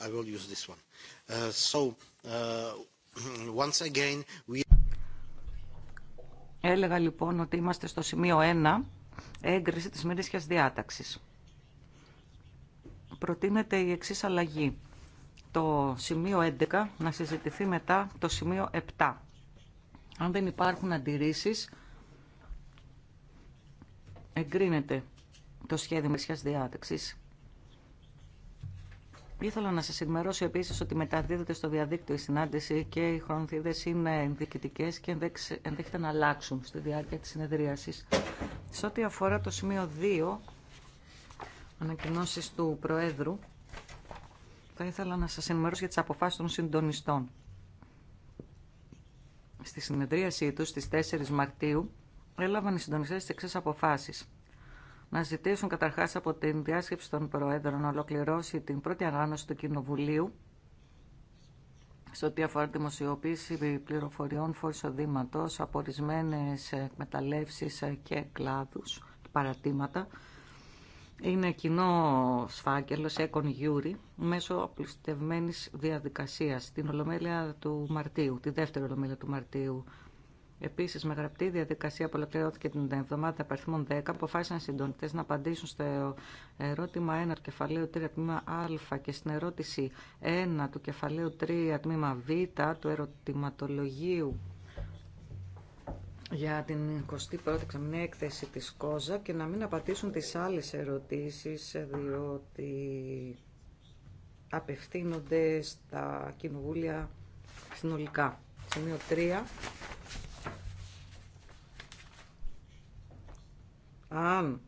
I will use this one. Uh, so, uh, once again, we... Έλεγα λοιπόν ότι είμαστε στο σημείο 1, έγκριση της μερίσιας διάταξης. Προτείνεται η εξής αλλαγή. Το σημείο 11 να συζητηθεί μετά το σημείο 7. Αν δεν υπάρχουν αντιρρήσεις, εγκρίνεται το σχέδιο μερίσιας διάταξης. Ήθελα να σα ενημερώσω επίση ότι μεταδίδεται στο διαδίκτυο η συνάντηση και οι χρονοθίδε είναι ενδεικτικές και ενδέχεται να αλλάξουν στη διάρκεια τη συνεδρίαση. Σε ό,τι αφορά το σημείο 2, ανακοινώσει του Προέδρου, θα ήθελα να σα ενημερώσω για τι αποφάσει των συντονιστών. Στη συνεδρίασή του στι 4 Μαρτίου έλαβαν οι συντονιστέ τι εξή αποφάσει να ζητήσουν καταρχάς από την διάσκεψη των Προέδρων να ολοκληρώσει την πρώτη ανάγνωση του Κοινοβουλίου σε ό,τι αφορά τη δημοσιοποίηση πληροφοριών φορσοδήματος από ορισμένε εκμεταλλεύσει και κλάδους παρατήματα. Είναι κοινό σφάγγελο έκον γιούρι μέσω απλουστευμένη διαδικασίας την Ολομέλεια του Μαρτίου, τη δεύτερη Ολομέλεια του Μαρτίου Επίση, με γραπτή διαδικασία που ολοκληρώθηκε την εβδομάδα παριθμών 10, αποφάσισαν οι συντονιστέ να απαντήσουν στο ερώτημα 1 του κεφαλαίου 3 τμήμα Α και στην ερώτηση 1 του κεφαλαίου 3 τμήμα Β του ερωτηματολογίου για την 21η ξαμηνή έκθεση τη ΚΟΖΑ και να μην απαντήσουν τι άλλε ερωτήσει, διότι απευθύνονται στα κοινοβούλια συνολικά. Σημείο 3 Αν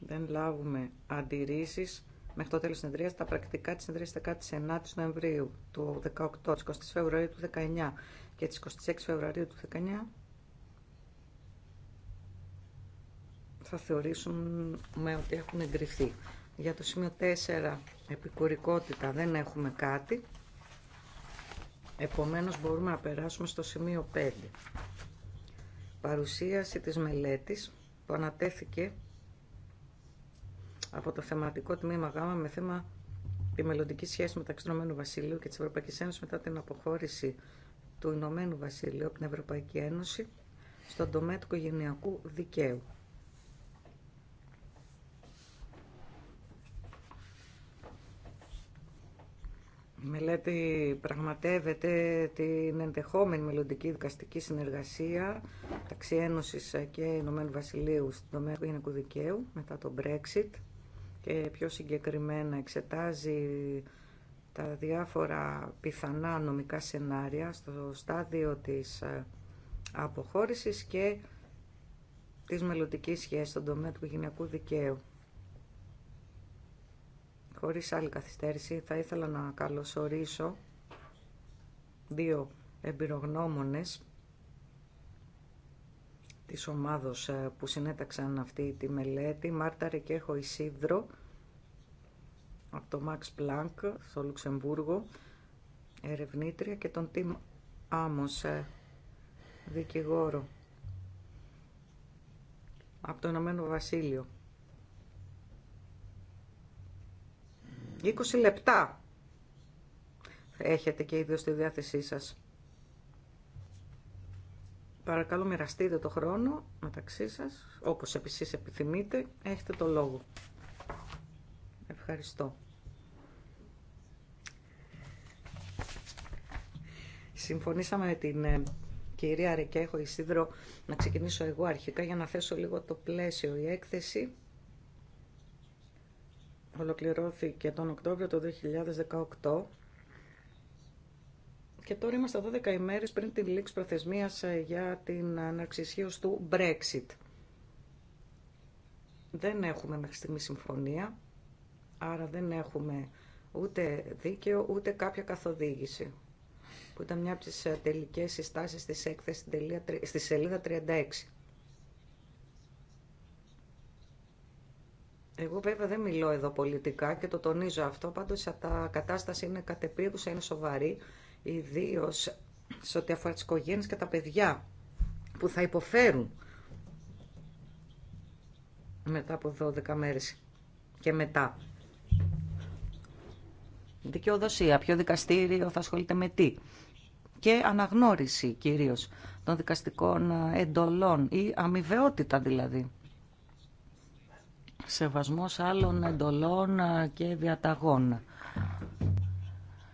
δεν λάβουμε αντιρρήσεις μέχρι το τέλος της συνεδρίας, τα πρακτικά της συνεδρίας 19 Νοεμβρίου του 18, της 20 Φεβρουαρίου του 19 και της 26 Φεβρουαρίου του 19 θα θεωρήσουμε ότι έχουν εγκριθεί. Για το σημείο 4, επικουρικότητα, δεν έχουμε κάτι. Επομένως μπορούμε να περάσουμε στο σημείο 5 παρουσίαση της μελέτης που ανατέθηκε από το θεματικό τμήμα ΓΑΜΑ με θέμα τη μελλοντική σχέση μεταξύ του Ηνωμένου Βασιλείου και της Ευρωπαϊκής Ένωσης μετά την αποχώρηση του Ηνωμένου Βασιλείου από την Ευρωπαϊκή Ένωση στον τομέα του οικογενειακού δικαίου. μελέτη πραγματεύεται την ενδεχόμενη μελλοντική δικαστική συνεργασία μεταξύ Ένωση και Ηνωμένου Βασιλείου στην τομέα του γενικού δικαίου μετά το Brexit και πιο συγκεκριμένα εξετάζει τα διάφορα πιθανά νομικά σενάρια στο στάδιο της ε, αποχώρησης και της μελλοντικής σχέσης στον τομέα του γενικού δικαίου. Χωρίς άλλη καθυστέρηση θα ήθελα να καλωσορίσω δύο εμπειρογνώμονες της ομάδος ε, που συνέταξαν αυτή τη μελέτη, Μάρτα Ρεκέχο Ισίδρο, από το Μάξ Planck στο Λουξεμβούργο, ερευνήτρια και τον Τιμ Άμος, ε, δικηγόρο, από το Ηνωμένο Βασίλειο. 20 λεπτά έχετε και ίδιο στη διάθεσή σας. Παρακαλώ μοιραστείτε το χρόνο μεταξύ σας, όπως επίσης επιθυμείτε, έχετε το λόγο. Ευχαριστώ. Συμφωνήσαμε με την ε, κυρία Ρεκέχο Ισίδρο να ξεκινήσω εγώ αρχικά για να θέσω λίγο το πλαίσιο. Η έκθεση ολοκληρώθηκε τον Οκτώβριο του 2018 και τώρα είμαστε 12 ημέρες πριν την λήξη προθεσμίας ε, για την αναξισχύωση του Brexit. Δεν έχουμε μέχρι στιγμή συμφωνία, άρα δεν έχουμε ούτε δίκαιο ούτε κάποια καθοδήγηση που ήταν μια από τις ε, τελικές συστάσεις της έκθεσης στη σελίδα 36. Εγώ βέβαια δεν μιλώ εδώ πολιτικά και το τονίζω αυτό, πάντως τα κατάσταση είναι κατεπίγουσα, είναι σοβαρή, ιδίω σε ό,τι αφορά τις οικογένειες και τα παιδιά που θα υποφέρουν μετά από 12 μέρες και μετά. Δικαιοδοσία, ποιο δικαστήριο θα ασχολείται με τι. Και αναγνώριση κυρίως των δικαστικών εντολών ή αμοιβαιότητα δηλαδή σεβασμός άλλων εντολών ε, και διαταγών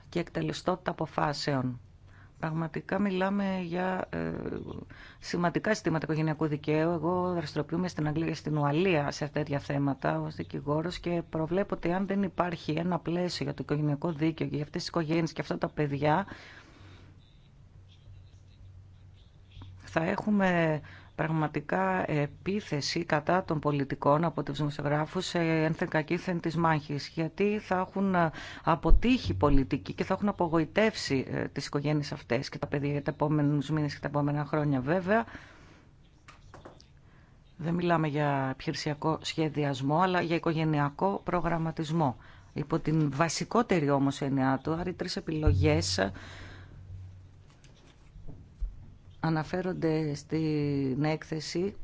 και εκτελεστότητα αποφάσεων. Πραγματικά μιλάμε για ε, σημαντικά συστήματα οικογενειακού δικαίου. Εγώ δραστηριοποιούμαι στην Αγγλία και στην Ουαλία σε τέτοια θέματα ω δικηγόρο και προβλέπω ότι αν δεν υπάρχει ένα πλαίσιο για το οικογενειακό δίκαιο και για αυτέ τι οικογένειε και αυτά τα παιδιά, θα έχουμε πραγματικά επίθεση κατά των πολιτικών από τους δημοσιογράφους ε, ένθεν κακήθεν της μάχης γιατί θα έχουν ε, αποτύχει πολιτική και θα έχουν απογοητεύσει ε, τις οικογένειες αυτές και τα παιδιά για τα επόμενους μήνες και τα επόμενα χρόνια βέβαια δεν μιλάμε για επιχειρησιακό σχεδιασμό αλλά για οικογενειακό προγραμματισμό υπό την βασικότερη όμως έννοιά του, άρα οι τρεις επιλογές αναφέρονται στην έκθεση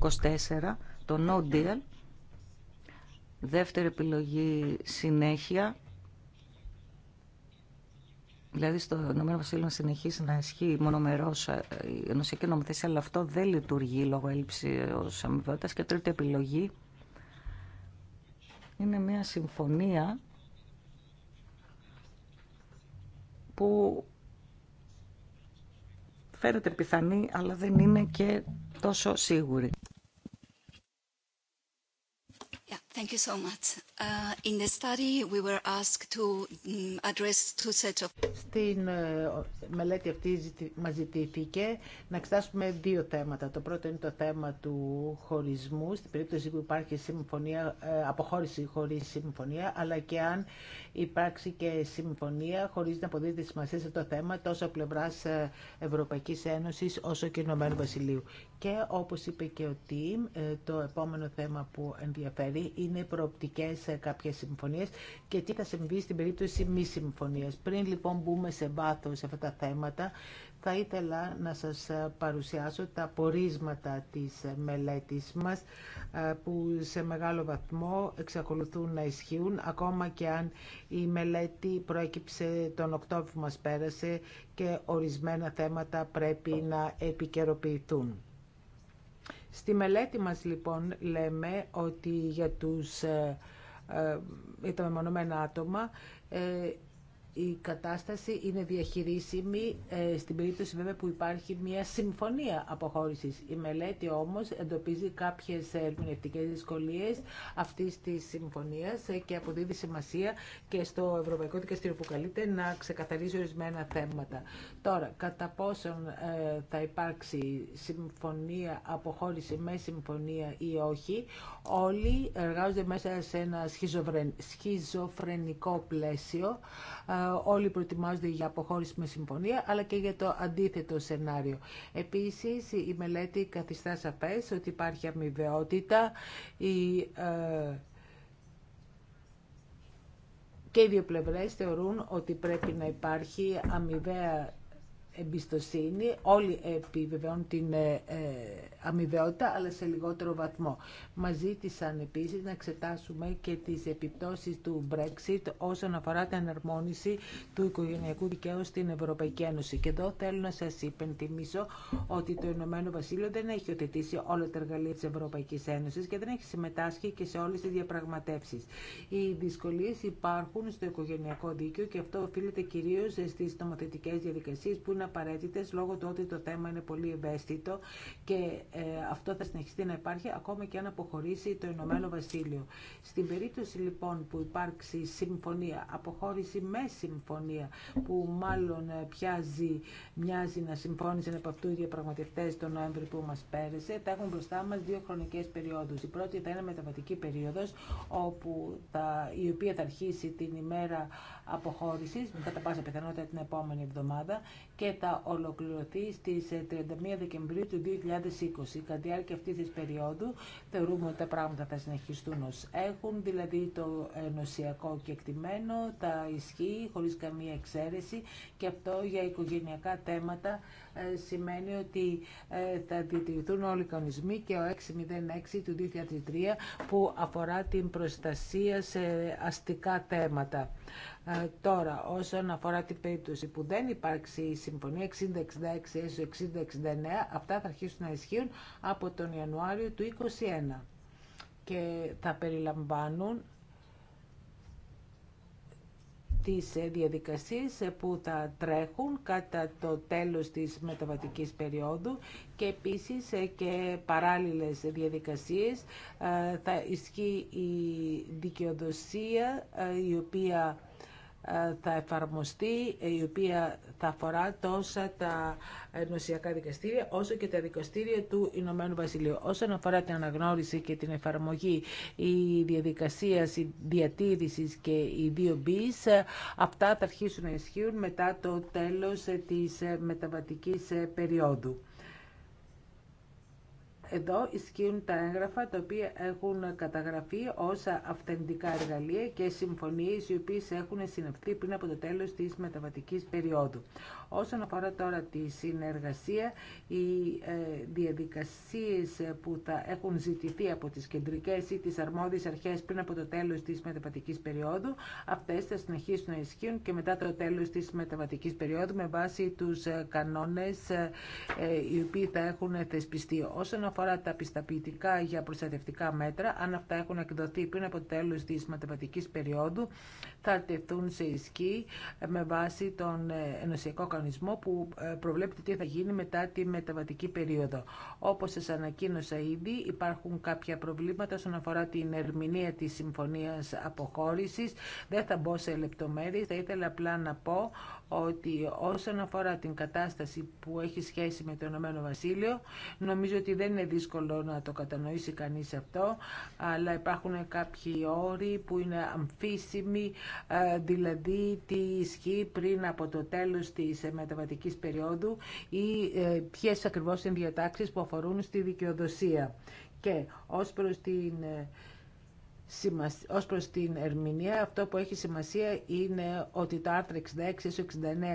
24, το No Deal, δεύτερη επιλογή συνέχεια, Δηλαδή στο Ηνωμένο Βασίλειο να συνεχίσει να ισχύει μονομερό ε, η ενωσιακή νομοθεσία, αλλά αυτό δεν λειτουργεί λόγω έλλειψη ε, αμοιβότητας. Και τρίτη επιλογή είναι μια συμφωνία που φαίνεται πιθανή αλλά δεν είναι και τόσο σίγουρη. Thank you so much. Uh, in the study, we were asked to mm, address two sets of. Στην ε, μελέτη αυτή μας ζητήθηκε να εξετάσουμε δύο θέματα. Το πρώτο είναι το θέμα του χωρισμού, στην περίπτωση που υπάρχει συμφωνία, ε, αποχώρηση χωρίς συμφωνία, αλλά και αν υπάρξει και συμφωνία χωρίς να αποδίδεται σημασία σε το θέμα τόσο πλευράς ε, ευρωπαϊκή Ένωσης όσο και Ηνωμένου Βασιλείου. Και όπως είπε και ο Τιμ, ε, το επόμενο θέμα που ενδιαφέρει είναι οι προοπτικές κάποιες συμφωνίες και τι θα συμβεί στην περίπτωση μη συμφωνίας. Πριν λοιπόν μπούμε σε βάθος σε αυτά τα θέματα, θα ήθελα να σας ε, παρουσιάσω τα πορίσματα της ε, μελέτης μας ε, που σε μεγάλο βαθμό εξακολουθούν να ισχύουν ακόμα και αν η μελέτη προέκυψε τον Οκτώβριο που μας πέρασε και ορισμένα θέματα πρέπει να επικαιροποιηθούν. Στη μελέτη μας λοιπόν λέμε ότι για, τους, για τα μεμονωμένα άτομα η κατάσταση είναι διαχειρίσιμη ε, στην περίπτωση βέβαια που υπάρχει μια συμφωνία αποχώρησης. Η μελέτη όμως εντοπίζει κάποιες ερμηνευτικές δυσκολίες αυτής της συμφωνίας ε, και αποδίδει σημασία και στο Ευρωπαϊκό Δικαστήριο που καλείται να ξεκαθαρίζει ορισμένα θέματα. Τώρα, κατά πόσον ε, θα υπάρξει συμφωνία αποχώρηση με συμφωνία ή όχι, όλοι εργάζονται μέσα σε ένα σχιζοφρενικό πλαίσιο όλοι προετοιμάζονται για αποχώρηση με συμφωνία, αλλά και για το αντίθετο σενάριο. Επίσης, η μελέτη καθιστά σαφές ότι υπάρχει αμοιβαιότητα, η ε, και οι δύο πλευρές θεωρούν ότι πρέπει να υπάρχει αμοιβαία εμπιστοσύνη. Όλοι επιβεβαιώνουν την ε, ε, αμοιβαιότητα, αλλά σε λιγότερο βαθμό. Μας ζήτησαν επίσης να εξετάσουμε και τις επιπτώσεις του Brexit όσον αφορά την εναρμόνιση του οικογενειακού δικαίου στην Ευρωπαϊκή Ένωση. Και εδώ θέλω να σας υπενθυμίσω ότι το Ηνωμένο Βασίλειο δεν έχει οθετήσει όλα τα εργαλεία της Ευρωπαϊκής Ένωσης και δεν έχει συμμετάσχει και σε όλες τις διαπραγματεύσεις. Οι δυσκολίες υπάρχουν στο οικογενειακό δίκαιο και αυτό οφείλεται κυρίω στι νομοθετικές διαδικασίε που είναι απαραίτητε λόγω του ότι το θέμα είναι πολύ ευαίσθητο και ε, αυτό θα συνεχιστεί να υπάρχει ακόμα και αν αποχωρήσει το Ηνωμένο Βασίλειο. Στην περίπτωση λοιπόν που υπάρξει συμφωνία, αποχώρηση με συμφωνία, που μάλλον ε, πιάζει, μοιάζει να συμφώνησαν από αυτού οι διαπραγματευτέ τον Νοέμβριο που μα πέρασε, θα έχουν μπροστά μα δύο χρονικέ περιόδου. Η πρώτη θα είναι μεταβατική περίοδο, η οποία θα αρχίσει την ημέρα αποχώρησης, κατά πάσα πιθανότητα την επόμενη εβδομάδα και θα ολοκληρωθεί στις 31 ε, Δεκεμβρίου του 2020. Κατά τη διάρκεια αυτής της περίοδου θεωρούμε ότι τα πράγματα θα συνεχιστούν ω έχουν, δηλαδή το ενωσιακό κεκτημένο θα ισχύει χωρίς καμία εξαίρεση και αυτό για οικογενειακά θέματα ε, σημαίνει ότι ε, θα διατηρηθούν όλοι οι κανονισμοί και ο 606 του 2003 που αφορά την προστασία σε αστικά θέματα. Ε, τώρα, όσον αφορά την περίπτωση που δεν υπάρξει η συμφωνια 6066 εως αυτά θα αρχίσουν να ισχύουν από τον Ιανουάριο του 2021 και θα περιλαμβάνουν τις ε, διαδικασίες ε, που θα τρέχουν κατά το τέλος της μεταβατικής περίοδου και επίσης ε, και παράλληλες διαδικασίες θα ισχύει η δικαιοδοσία η οποία ε, θα εφαρμοστεί, η οποία θα αφορά τόσα τα νοσιακά δικαστήρια, όσο και τα δικαστήρια του Ηνωμένου Βασιλείου. Όσον αφορά την αναγνώριση και την εφαρμογή, η διαδικασία η διατήρηση και οι δύο αυτά θα αρχίσουν να ισχύουν μετά το τέλος της μεταβατικής περίοδου. Εδώ ισχύουν τα έγγραφα τα οποία έχουν καταγραφεί ως αυθεντικά εργαλεία και συμφωνίες οι οποίες έχουν συναυθεί πριν από το τέλος της μεταβατικής περίοδου. Όσον αφορά τώρα τη συνεργασία, οι ε, διαδικασίες που θα έχουν ζητηθεί από τις κεντρικές ή τις αρμόδιες αρχές πριν από το τέλος της μεταβατικής περίοδου, αυτές θα συνεχίσουν να ισχύουν και μετά το τέλος της μεταβατικής περίοδου με βάση τους ε, κανόνες ε, οι οποίοι θα έχουν θεσπιστεί. Όσον αφορά τα πισταποιητικά για προστατευτικά μέτρα, αν αυτά έχουν εκδοθεί πριν από το τέλος της μεταβατικής περίοδου, θα τεθούν σε ισχύ με βάση τον ενωσιακό κανόνα κανονισμό που ε, προβλέπει τι θα γίνει μετά τη μεταβατική περίοδο. Όπως σας ανακοίνωσα ήδη, υπάρχουν κάποια προβλήματα όσον αφορά την ερμηνεία της συμφωνίας αποχώρησης. Δεν θα μπω σε λεπτομέρειες, θα ήθελα απλά να πω ότι όσον αφορά την κατάσταση που έχει σχέση με το Ηνωμένο Βασίλειο, νομίζω ότι δεν είναι δύσκολο να το κατανοήσει κανείς αυτό, αλλά υπάρχουν κάποιοι όροι που είναι αμφίσιμοι, ε, δηλαδή τι ισχύει πριν από το τέλος της μεταβατικής περίοδου ή ε, ποιες ακριβώς είναι διατάξεις που αφορούν στη δικαιοδοσία. Και ως προς την ε, ως προς την ερμηνεία, αυτό που έχει σημασία είναι ότι τα άρθρα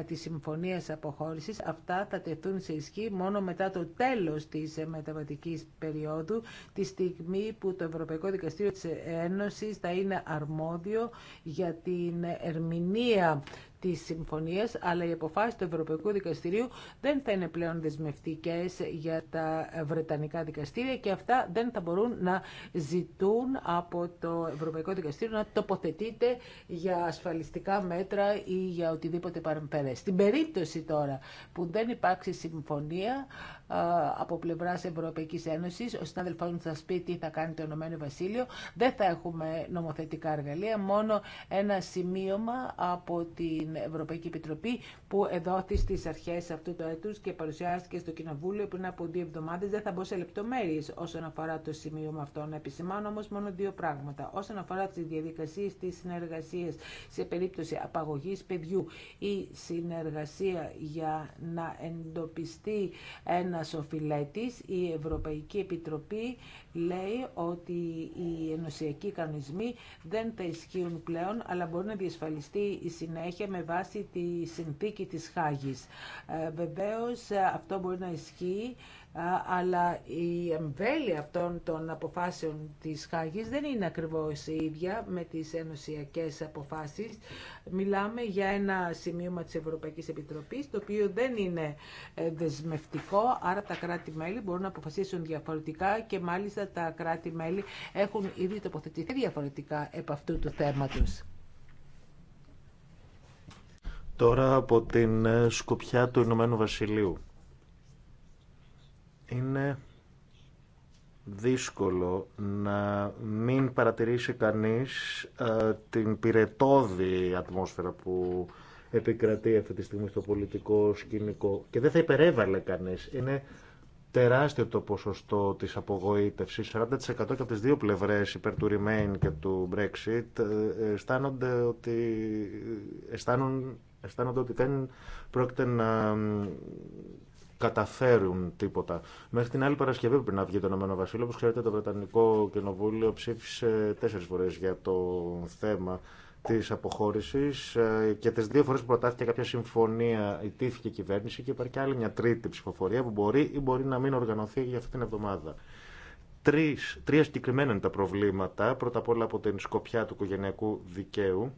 66-69 τη Συμφωνίας Αποχώρησης, αυτά θα τεθούν σε ισχύ μόνο μετά το τέλος της μεταβατικής περίοδου, τη στιγμή που το Ευρωπαϊκό Δικαστήριο της Ένωσης θα είναι αρμόδιο για την ερμηνεία Τη συμφωνία, αλλά οι αποφάσει του Ευρωπαϊκού Δικαστηρίου δεν θα είναι πλέον δεσμευτικέ για τα Βρετανικά δικαστήρια και αυτά δεν θα μπορούν να ζητούν από το Ευρωπαϊκό Δικαστήριο να τοποθετείται για ασφαλιστικά μέτρα ή για οτιδήποτε παρεμφερέ. Στην περίπτωση τώρα που δεν υπάρξει συμφωνία από πλευρά Ευρωπαϊκή Ένωση, ο συνάδελφό μου θα πει τι θα κάνει το Ηνωμένο Βασίλειο. Δεν θα έχουμε νομοθετικά εργαλεία, μόνο ένα σημείωμα από την Ευρωπαϊκή Επιτροπή που εδόθη στι αρχές αυτού του έτου και παρουσιάστηκε στο Κοινοβούλιο πριν από δύο εβδομάδες. Δεν θα μπω σε λεπτομέρειες όσον αφορά το σημείο με αυτό. Να επισημάνω όμως μόνο δύο πράγματα. Όσον αφορά τι διαδικασίε τη συνεργασία σε περίπτωση απαγωγής παιδιού ή συνεργασία για να εντοπιστεί ένα οφειλέτη, η Ευρωπαϊκή Επιτροπή λέει ότι οι ενωσιακοί κανονισμοί δεν θα ισχύουν πλέον, αλλά μπορεί να διασφαλιστεί η συνέχεια με βάση τη συνθήκη της Χάγης. Ε, βεβαίως αυτό μπορεί να ισχύει αλλά η εμβέλεια αυτών των αποφάσεων της Χάγης δεν είναι ακριβώς η ίδια με τις ενωσιακές αποφάσεις. Μιλάμε για ένα σημείωμα της Ευρωπαϊκής Επιτροπής, το οποίο δεν είναι ε, δεσμευτικό, άρα τα κράτη-μέλη μπορούν να αποφασίσουν διαφορετικά και μάλιστα τα κράτη-μέλη έχουν ήδη τοποθετηθεί διαφορετικά επ' αυτού του θέματος. Τώρα από την ε, σκοπιά του Ηνωμένου Βασιλείου είναι δύσκολο να μην παρατηρήσει κανείς ε, την πυρετόδη ατμόσφαιρα που επικρατεί αυτή τη στιγμή στο πολιτικό σκηνικό και δεν θα υπερέβαλε κανείς. Είναι τεράστιο το ποσοστό της απογοήτευσης, 40% και από τις δύο πλευρές υπέρ του Remain και του Brexit ε, αισθάνονται ότι, αισθάνονται ότι δεν πρόκειται να καταφέρουν τίποτα. Μέχρι την άλλη Παρασκευή που πριν να βγει το Ηνωμένο Βασίλειο, όπω ξέρετε το Βρετανικό Κοινοβούλιο ψήφισε τέσσερι φορέ για το θέμα τη αποχώρηση ε, και τι δύο φορέ που προτάθηκε κάποια συμφωνία ιτήθηκε η κυβέρνηση και υπάρχει και άλλη μια τρίτη ψηφοφορία που μπορεί ή μπορεί να μην οργανωθεί για αυτή την εβδομάδα. Τρεις, τρία συγκεκριμένα είναι τα προβλήματα, πρώτα απ' όλα από την σκοπιά του οικογενειακού δικαίου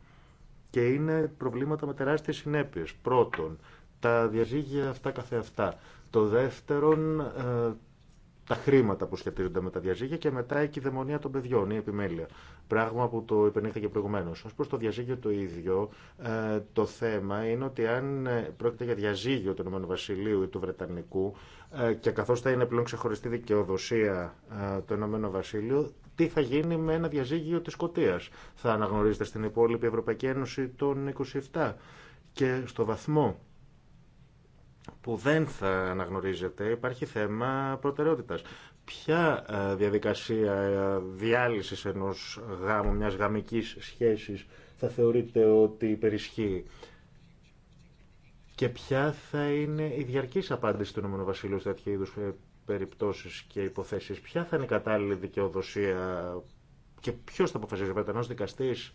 και είναι προβλήματα με τεράστιες συνέπειε. Πρώτον, τα διαζύγια αυτά καθεαυτά. Το δεύτερον, ε, τα χρήματα που σχετίζονται με τα διαζύγια και μετά η κυδαιμονία των παιδιών, η επιμέλεια. Πράγμα που το υπενήχθηκε προηγουμένω. Ω προ το διαζύγιο το ίδιο, ε, το θέμα είναι ότι αν ε, πρόκειται για διαζύγιο του Ηνωμένου Βασιλείου ή του Βρετανικού και καθώ θα είναι πλέον ξεχωριστή δικαιοδοσία του Ηνωμένο Βασίλειο, τι θα γίνει με ένα διαζύγιο τη Σκωτία. Θα αναγνωρίζεται στην υπόλοιπη Ευρωπαϊκή Ένωση των 27. Και στο βαθμό που δεν θα αναγνωρίζεται, υπάρχει θέμα προτεραιότητας. Ποια ε, διαδικασία ε, διάλυσης ενός γάμου, μιας γαμικής σχέσης θα θεωρείτε ότι υπερισχύει και ποια θα είναι η διαρκής απάντηση του Ηνωμένου Βασιλείου σε τέτοια είδους ε, περιπτώσεις και υποθέσεις. Ποια θα είναι η κατάλληλη δικαιοδοσία και ποιος θα αποφασίζει, ο δικαστής,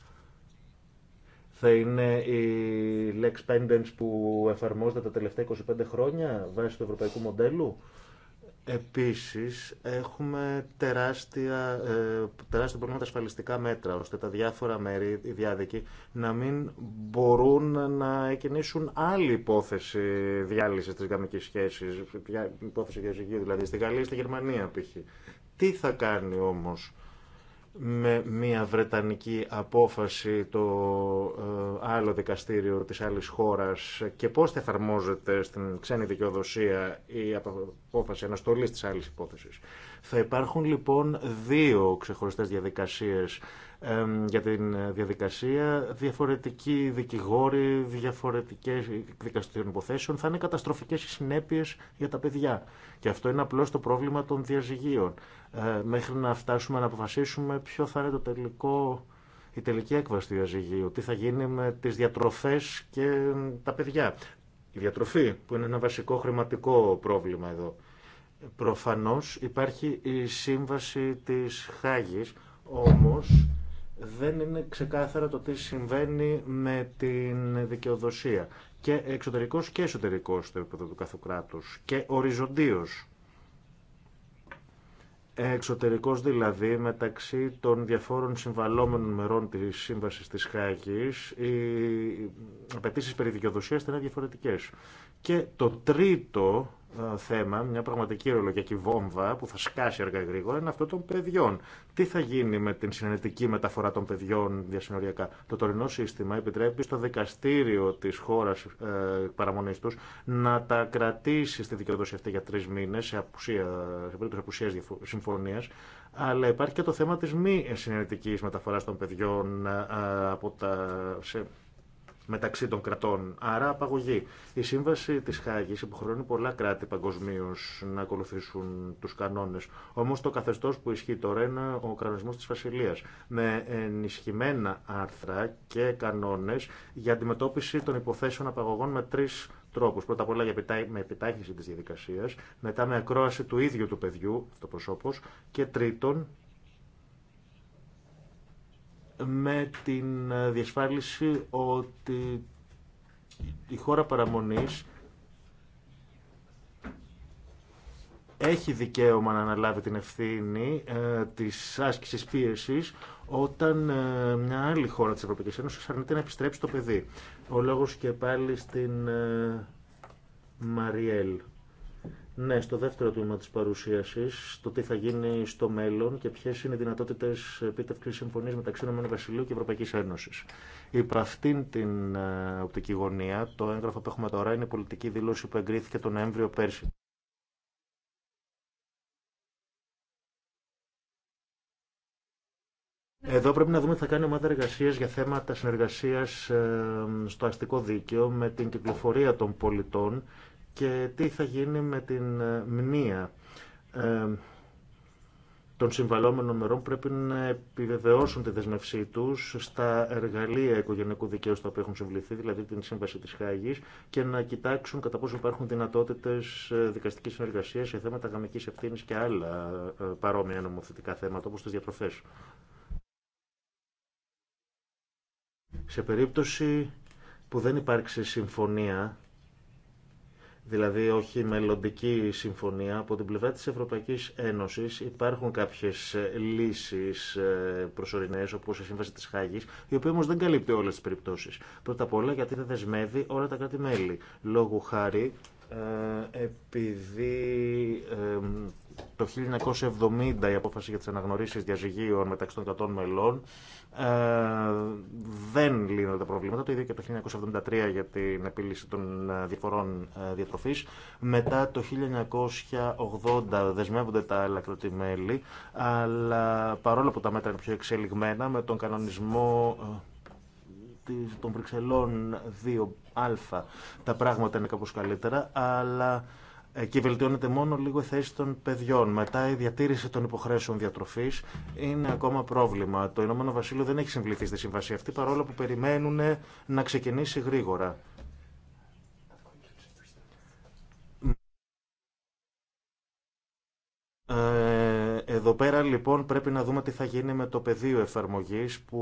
θα είναι η Lex Pendens που εφαρμόζεται τα τελευταία 25 χρόνια βάσει του ευρωπαϊκού μοντέλου. Επίσης, έχουμε τεράστια, ε, τεράστιο ασφαλιστικά μέτρα, ώστε τα διάφορα μέρη, οι διάδικοι, να μην μπορούν να εκινήσουν άλλη υπόθεση διάλυσης της γαμικής σχέσης, υπόθεση διαζυγίου δηλαδή, στη Γαλλία, στη Γερμανία π.χ. Τι θα κάνει όμως με μια βρετανική απόφαση το ε, άλλο δικαστήριο της άλλης χώρας και πώς θα εφαρμόζεται στην ξένη δικαιοδοσία η απόφαση αναστολής της άλλης υπόθεσης. Θα υπάρχουν λοιπόν δύο ξεχωριστές διαδικασίες για την διαδικασία. Διαφορετικοί δικηγόροι, διαφορετικές δικαστήριων υποθέσεων θα είναι καταστροφικές οι συνέπειες για τα παιδιά. Και αυτό είναι απλώς το πρόβλημα των διαζυγίων. Ε, μέχρι να φτάσουμε να αποφασίσουμε ποιο θα είναι το τελικό η τελική έκβαση του διαζυγίου, τι θα γίνει με τις διατροφές και τα παιδιά. Η διατροφή που είναι ένα βασικό χρηματικό πρόβλημα εδώ. Προφανώς υπάρχει η σύμβαση της Χάγης, όμως δεν είναι ξεκάθαρα το τι συμβαίνει με την δικαιοδοσία. Και εξωτερικός και εσωτερικός στο επίπεδο του καθου κράτους. Και οριζοντίος. Εξωτερικός δηλαδή μεταξύ των διαφόρων συμβαλόμενων μερών της Σύμβασης της Χάγης οι απαιτήσει περί δικαιοδοσίας θα είναι διαφορετικές. Και το τρίτο ε, θέμα, μια πραγματική ρολογιακή βόμβα που θα σκάσει αργά γρήγορα, είναι αυτό των παιδιών. Τι θα γίνει με την συνενετική μεταφορά των παιδιών διασυνοριακά. Το τωρινό σύστημα επιτρέπει στο δικαστήριο τη χώρα ε, παραμονή του να τα κρατήσει στη δικαιοδοσία αυτή για τρει μήνε σε, σε περίπτωση απουσία συμφωνία. Αλλά υπάρχει και το θέμα τη μη συνενετική μεταφορά των παιδιών ε, από τα, μεταξύ των κρατών. Άρα απαγωγή. Η σύμβαση τη Χάγη υποχρεώνει πολλά κράτη παγκοσμίω να ακολουθήσουν του κανόνε. Όμω το καθεστώ που ισχύει τώρα είναι ο κανονισμό τη Βασιλεία. Με ενισχυμένα άρθρα και κανόνε για αντιμετώπιση των υποθέσεων απαγωγών με τρει τρόπου. Πρώτα απ' όλα με επιτάχυνση τη διαδικασία, μετά με ακρόαση του ίδιου του παιδιού, το προσώπο, και τρίτον με την διασφάλιση ότι η χώρα παραμονής έχει δικαίωμα να αναλάβει την ευθύνη ε, της άσκησης πίεσης όταν ε, μια άλλη χώρα της Ευρωπαϊκής Ένωσης αρνείται να επιστρέψει το παιδί. Ο λόγος και πάλι στην ε, Μαριέλ. Ναι, στο δεύτερο τμήμα της παρουσίασης, το τι θα γίνει στο μέλλον και ποιες είναι οι δυνατότητες επίτευξη συμφωνία μεταξύ Ηνωμένου Βασιλείου και Ευρωπαϊκής Ένωσης. Υπ' αυτήν την ε, οπτική γωνία, το έγγραφο που έχουμε τώρα είναι η πολιτική δήλωση που εγκρίθηκε τον Νοέμβριο πέρσι. Εδώ πρέπει να δούμε τι θα κάνει η ομάδα εργασία για θέματα συνεργασία ε, στο αστικό δίκαιο με την κυκλοφορία των πολιτών και τι θα γίνει με την ε, μνήα ε, των συμβαλόμενων μερών πρέπει να επιβεβαιώσουν τη δεσμευσή του στα εργαλεία οικογενειακού δικαίου στα οποία έχουν συμβληθεί, δηλαδή την Σύμβαση τη Χάγη, και να κοιτάξουν κατά πόσο υπάρχουν δυνατότητε δικαστική συνεργασία σε θέματα γαμική ευθύνη και άλλα ε, παρόμοια νομοθετικά θέματα, όπω τι διατροφέ. Σε περίπτωση που δεν υπάρξει συμφωνία δηλαδή όχι μελλοντική συμφωνία, από την πλευρά της Ευρωπαϊκής Ένωσης υπάρχουν κάποιες ε, λύσεις ε, προσωρινές, όπως η Σύμβαση της Χάγης, η οποία όμως δεν καλύπτει όλες τις περιπτώσεις. Πρώτα απ' όλα γιατί δεν δεσμεύει όλα τα κράτη-μέλη. Λόγου χάρη, ε, επειδή το 1970 η απόφαση για τις αναγνωρίσεις διαζυγίων μεταξύ των 100 μελών ε, δεν λύνονται τα προβλήματα. Το ίδιο και το 1973 για την επίλυση των ε, διαφορών ε, διατροφή. Μετά το 1980 δεσμεύονται τα ελακτρωτή μέλη, αλλά παρόλο που τα μέτρα είναι πιο εξελιγμένα, με τον κανονισμό των Βρυξελών 2α τα πράγματα είναι κάπως καλύτερα, αλλά Εκεί βελτιώνεται μόνο λίγο η θέση των παιδιών. Μετά η διατήρηση των υποχρέσεων διατροφή είναι ακόμα πρόβλημα. Το Ηνωμένο Βασίλειο δεν έχει συμβληθεί στη Σύμβαση αυτή παρόλο που περιμένουν να ξεκινήσει γρήγορα. Ε, εδώ πέρα λοιπόν πρέπει να δούμε τι θα γίνει με το πεδίο εφαρμογής που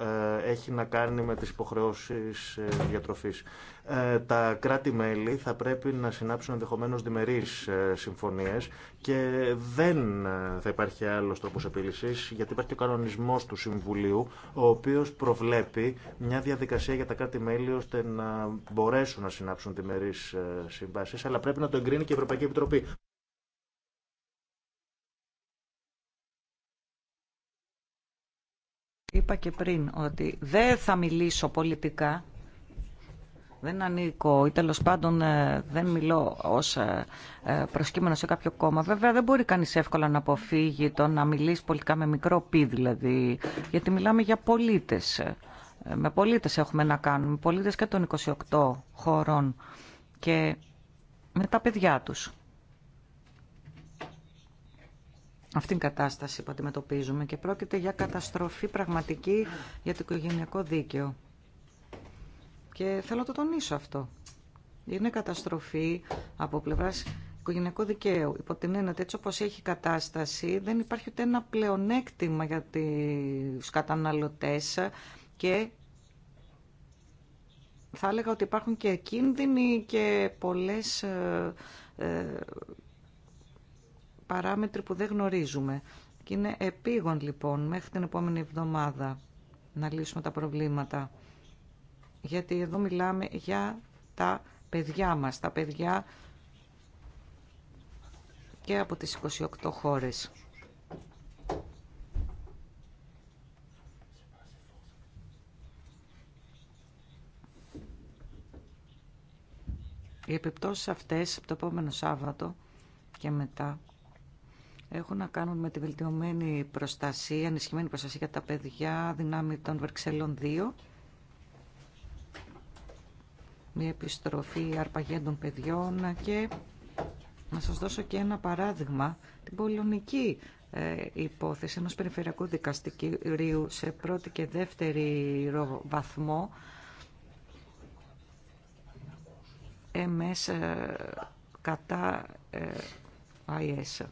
ε, έχει να κάνει με τις υποχρεώσεις ε, διατροφής. Ε, τα κράτη-μέλη θα πρέπει να συνάψουν ενδεχομένω διμερείς συμφωνίες και δεν θα υπάρχει άλλος τρόπος επίλυσης γιατί υπάρχει ο κανονισμός του Συμβουλίου ο οποίος προβλέπει μια διαδικασία για τα κράτη-μέλη ώστε να μπορέσουν να συνάψουν διμερείς συμβάσεις αλλά πρέπει να το εγκρίνει και η Ευρωπαϊκή Επιτροπή. Είπα και πριν ότι δεν θα μιλήσω πολιτικά, δεν ανήκω ή τέλο πάντων ε, δεν μιλώ ως ε, ε, προσκύμενο σε κάποιο κόμμα. Βέβαια δεν μπορεί κανείς εύκολα να αποφύγει το να μιλήσει πολιτικά με μικρό πι δηλαδή, γιατί μιλάμε για πολίτες. Με πολίτες έχουμε να κάνουμε, πολίτες και των 28 χωρών και με τα παιδιά τους. αυτήν την κατάσταση που αντιμετωπίζουμε και πρόκειται για καταστροφή πραγματική για το οικογενειακό δίκαιο. Και θέλω να το τονίσω αυτό. Είναι καταστροφή από πλευράς οικογενειακού δικαίου. Υπό την έννοια ότι έτσι όπω έχει η κατάσταση δεν υπάρχει ούτε ένα πλεονέκτημα για του καταναλωτέ. και θα έλεγα ότι υπάρχουν και κίνδυνοι και πολλές ε, ε, παράμετροι που δεν γνωρίζουμε. Και είναι επίγον λοιπόν μέχρι την επόμενη εβδομάδα να λύσουμε τα προβλήματα. Γιατί εδώ μιλάμε για τα παιδιά μας, τα παιδιά και από τις 28 χώρες. Οι επιπτώσεις αυτές από το επόμενο Σάββατο και μετά έχουν να κάνουν με τη βελτιωμένη προστασία, ενισχυμένη προστασία για τα παιδιά, δυνάμει των Βερξελών 2. Μια επιστροφή αρπαγέντων παιδιών και να σας δώσω και ένα παράδειγμα, την πολωνική ε, υπόθεση ενός περιφερειακού δικαστηρίου σε πρώτη και δεύτερη βαθμό MS ε, κατά IS. Ε,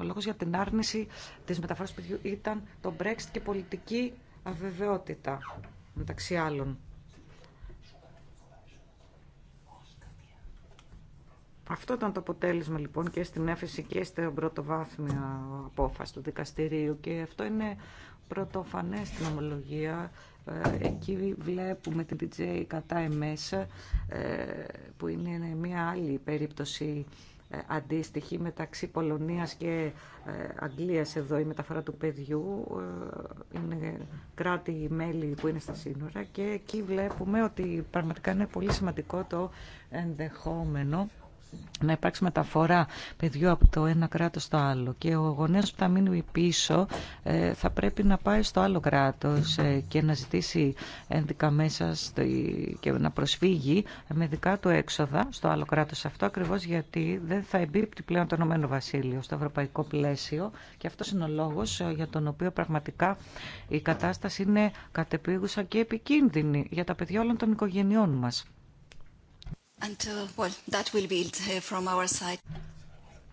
Ο λόγος για την άρνηση της μεταφοράς παιδιού ήταν το Brexit και πολιτική αβεβαιότητα, μεταξύ άλλων. Αυτό ήταν το αποτέλεσμα λοιπόν και στην έφεση και στην πρωτοβάθμια απόφαση του δικαστηρίου και αυτό είναι πρωτοφανές στην ομολογία. Ε, εκεί βλέπουμε την DJ κατά εμέσα ε, που είναι μια άλλη περίπτωση ε, αντίστοιχη μεταξύ Πολωνίας και ε, Αγγλίας εδώ η μεταφορά του παιδιού ε, είναι κράτη μέλη που είναι στα σύνορα και εκεί βλέπουμε ότι πραγματικά είναι πολύ σημαντικό το ενδεχόμενο να υπάρξει μεταφορά παιδιού από το ένα κράτος στο άλλο και ο γονέας που θα μείνει πίσω ε, θα πρέπει να πάει στο άλλο κράτος ε, και να ζητήσει ένδικα μέσα και να προσφύγει με δικά του έξοδα στο άλλο κράτος αυτό ακριβώς γιατί δεν θα εμπίπτει πλέον το Ηνωμένο Βασίλειο στο ευρωπαϊκό πλαίσιο και αυτό είναι ο λόγος ε, για τον οποίο πραγματικά η κατάσταση είναι κατεπίγουσα και επικίνδυνη για τα παιδιά όλων των οικογενειών μας.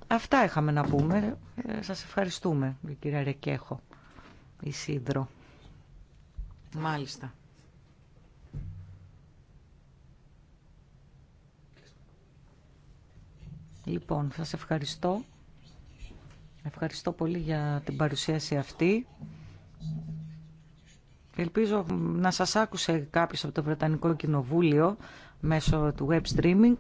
Αυτά είχαμε να πούμε. Ε, σας ευχαριστούμε, κυρία Ρεκέχο, η Σίδρο. Μάλιστα. Λοιπόν, σας ευχαριστώ. Ευχαριστώ πολύ για την παρουσίαση αυτή. Ελπίζω να σας άκουσε κάποιος από το Βρετανικό Κοινοβούλιο μέσω του web streaming.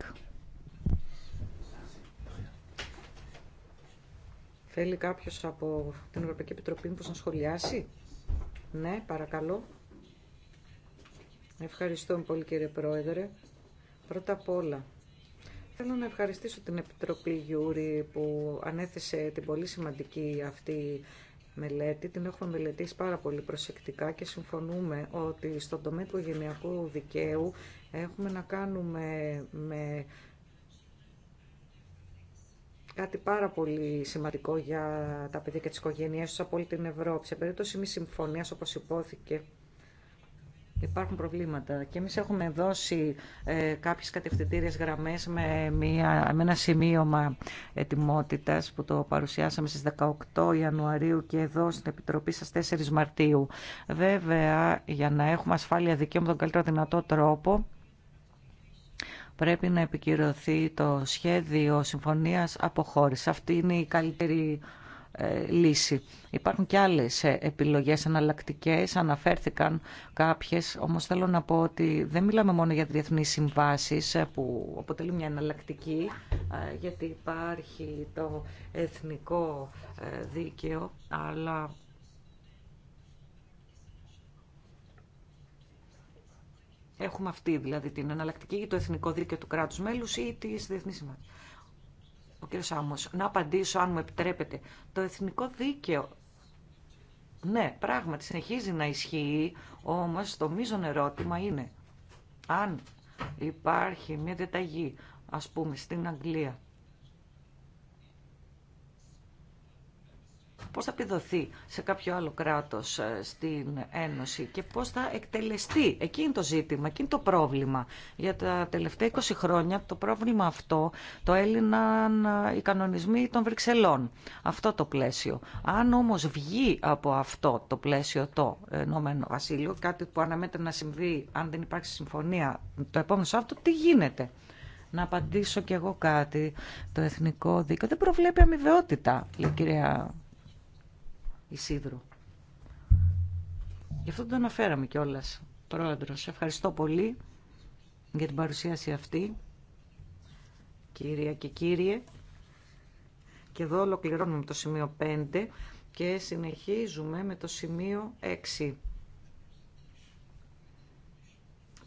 Θέλει κάποιος από την Ευρωπαϊκή Επιτροπή να σχολιάσει. Ναι, παρακαλώ. Ευχαριστώ πολύ κύριε Πρόεδρε. Πρώτα απ' όλα, θέλω να ευχαριστήσω την Επιτροπή Γιούρη που ανέθεσε την πολύ σημαντική αυτή μελέτη. Την έχουμε μελετήσει πάρα πολύ προσεκτικά και συμφωνούμε ότι στον τομέα του γενιακού δικαίου Έχουμε να κάνουμε με κάτι πάρα πολύ σημαντικό για τα παιδιά και τις οικογένειές τους από όλη την Ευρώπη. Σε περίπτωση μη συμφωνίας, όπως υπόθηκε, υπάρχουν προβλήματα. Και εμείς έχουμε δώσει ε, κάποιες κατευθυντήριες γραμμές με, μια, ένα σημείωμα ετοιμότητας που το παρουσιάσαμε στις 18 Ιανουαρίου και εδώ στην Επιτροπή στις 4 Μαρτίου. Βέβαια, για να έχουμε ασφάλεια δικαίωμα με τον καλύτερο δυνατό τρόπο, πρέπει να επικυρωθεί το σχέδιο συμφωνίας αποχώρησης. Αυτή είναι η καλύτερη ε, λύση. Υπάρχουν και άλλες ε, επιλογές εναλλακτικέ, αναφέρθηκαν κάποιες, όμως θέλω να πω ότι δεν μιλάμε μόνο για διεθνείς συμβάσεις ε, που αποτελεί μια εναλλακτική, γιατί υπάρχει το εθνικό δίκαιο, αλλά Έχουμε αυτή δηλαδή την εναλλακτική για το εθνικό δίκαιο του κράτους μέλους ή τη διεθνή συμβάση. Ο κ. Σάμο, να απαντήσω αν μου επιτρέπετε. Το εθνικό δίκαιο, ναι, πράγματι συνεχίζει να ισχύει, όμως το μείζον ερώτημα είναι αν υπάρχει μια διαταγή, ας πούμε, στην Αγγλία, πώς θα επιδοθεί σε κάποιο άλλο κράτος ε, στην Ένωση και πώς θα εκτελεστεί. Εκεί είναι το ζήτημα, εκεί είναι το πρόβλημα. Για τα τελευταία 20 χρόνια το πρόβλημα αυτό το έλυναν ε, οι κανονισμοί των Βρυξελών. Αυτό το πλαίσιο. Αν όμως βγει από αυτό το πλαίσιο το νόμενο βασίλειο, κάτι που αναμένεται να συμβεί αν δεν υπάρξει συμφωνία το επόμενο Σάββατο, τι γίνεται. Να απαντήσω κι εγώ κάτι. Το Εθνικό Δίκαιο δεν προβλέπει αμοιβαιότητα, λέει η κυρία Γι' αυτό το αναφέραμε κιόλα. Σε ευχαριστώ πολύ για την παρουσίαση αυτή. Κυρία και κύριε, και εδώ ολοκληρώνουμε το σημείο 5 και συνεχίζουμε με το σημείο 6.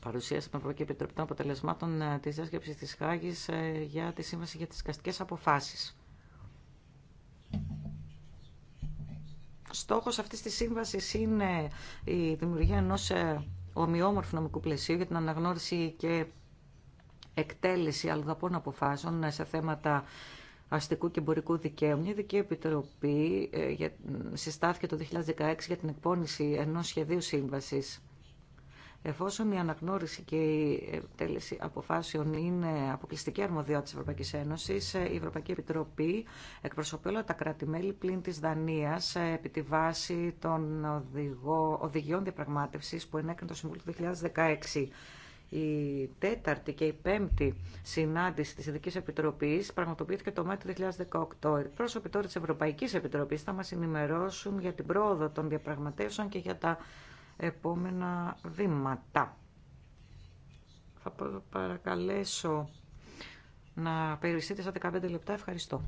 Παρουσίαση των Ευρωπαϊκή Επιτροπών Αποτελεσμάτων ε, τη Διάσκεψη τη Χάγη ε, για τη Σύμβαση για τι Καστικέ Αποφάσει. Στόχος αυτής της σύμβασης είναι η δημιουργία ενός ε, ομοιόμορφου νομικού πλαισίου για την αναγνώριση και εκτέλεση αλλοδαπών αποφάσεων σε θέματα αστικού και εμπορικού δικαίου. Μια ειδική επιτροπή ε, συστάθηκε το 2016 για την εκπόνηση ενός σχεδίου σύμβασης Εφόσον η αναγνώριση και η τέλεση αποφάσεων είναι αποκλειστική αρμοδιότητα της Ευρωπαϊκής Ένωσης, η Ευρωπαϊκή Επιτροπή εκπροσωπεί όλα τα κράτη-μέλη πλην της Δανίας επί τη βάση των οδηγό, οδηγιών διαπραγμάτευσης που ενέκρινε το Συμβούλιο του 2016. Η τέταρτη και η πέμπτη συνάντηση τη ειδική επιτροπή πραγματοποιήθηκε το Μάιο του 2018. Οι πρόσωποι τώρα τη Ευρωπαϊκή Επιτροπή θα μα ενημερώσουν για την πρόοδο των διαπραγματεύσεων και για τα επόμενα βήματα. Θα παρακαλέσω να περιοριστείτε στα 15 λεπτά. Ευχαριστώ.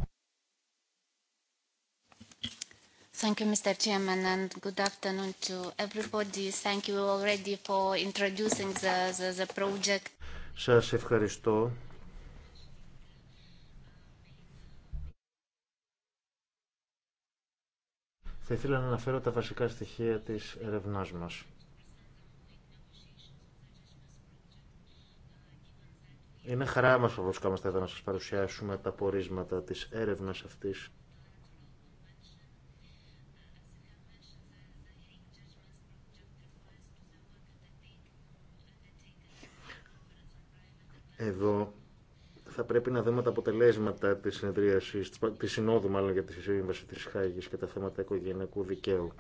Thank you, Mr. Chairman, and good afternoon to everybody. Thank you already for introducing the, the, the project. Σας ευχαριστώ Θα ήθελα να αναφέρω τα βασικά στοιχεία της ερευνάς μας. Είναι χαρά μας που βρισκόμαστε εδώ να σας παρουσιάσουμε τα πορίσματα της έρευνας αυτής. Εδώ θα πρέπει να δούμε τα αποτελέσματα της της συνόδου μάλλον για τη σύμβαση τη Χάγης και τα θέματα οικογενειακού δικαίου.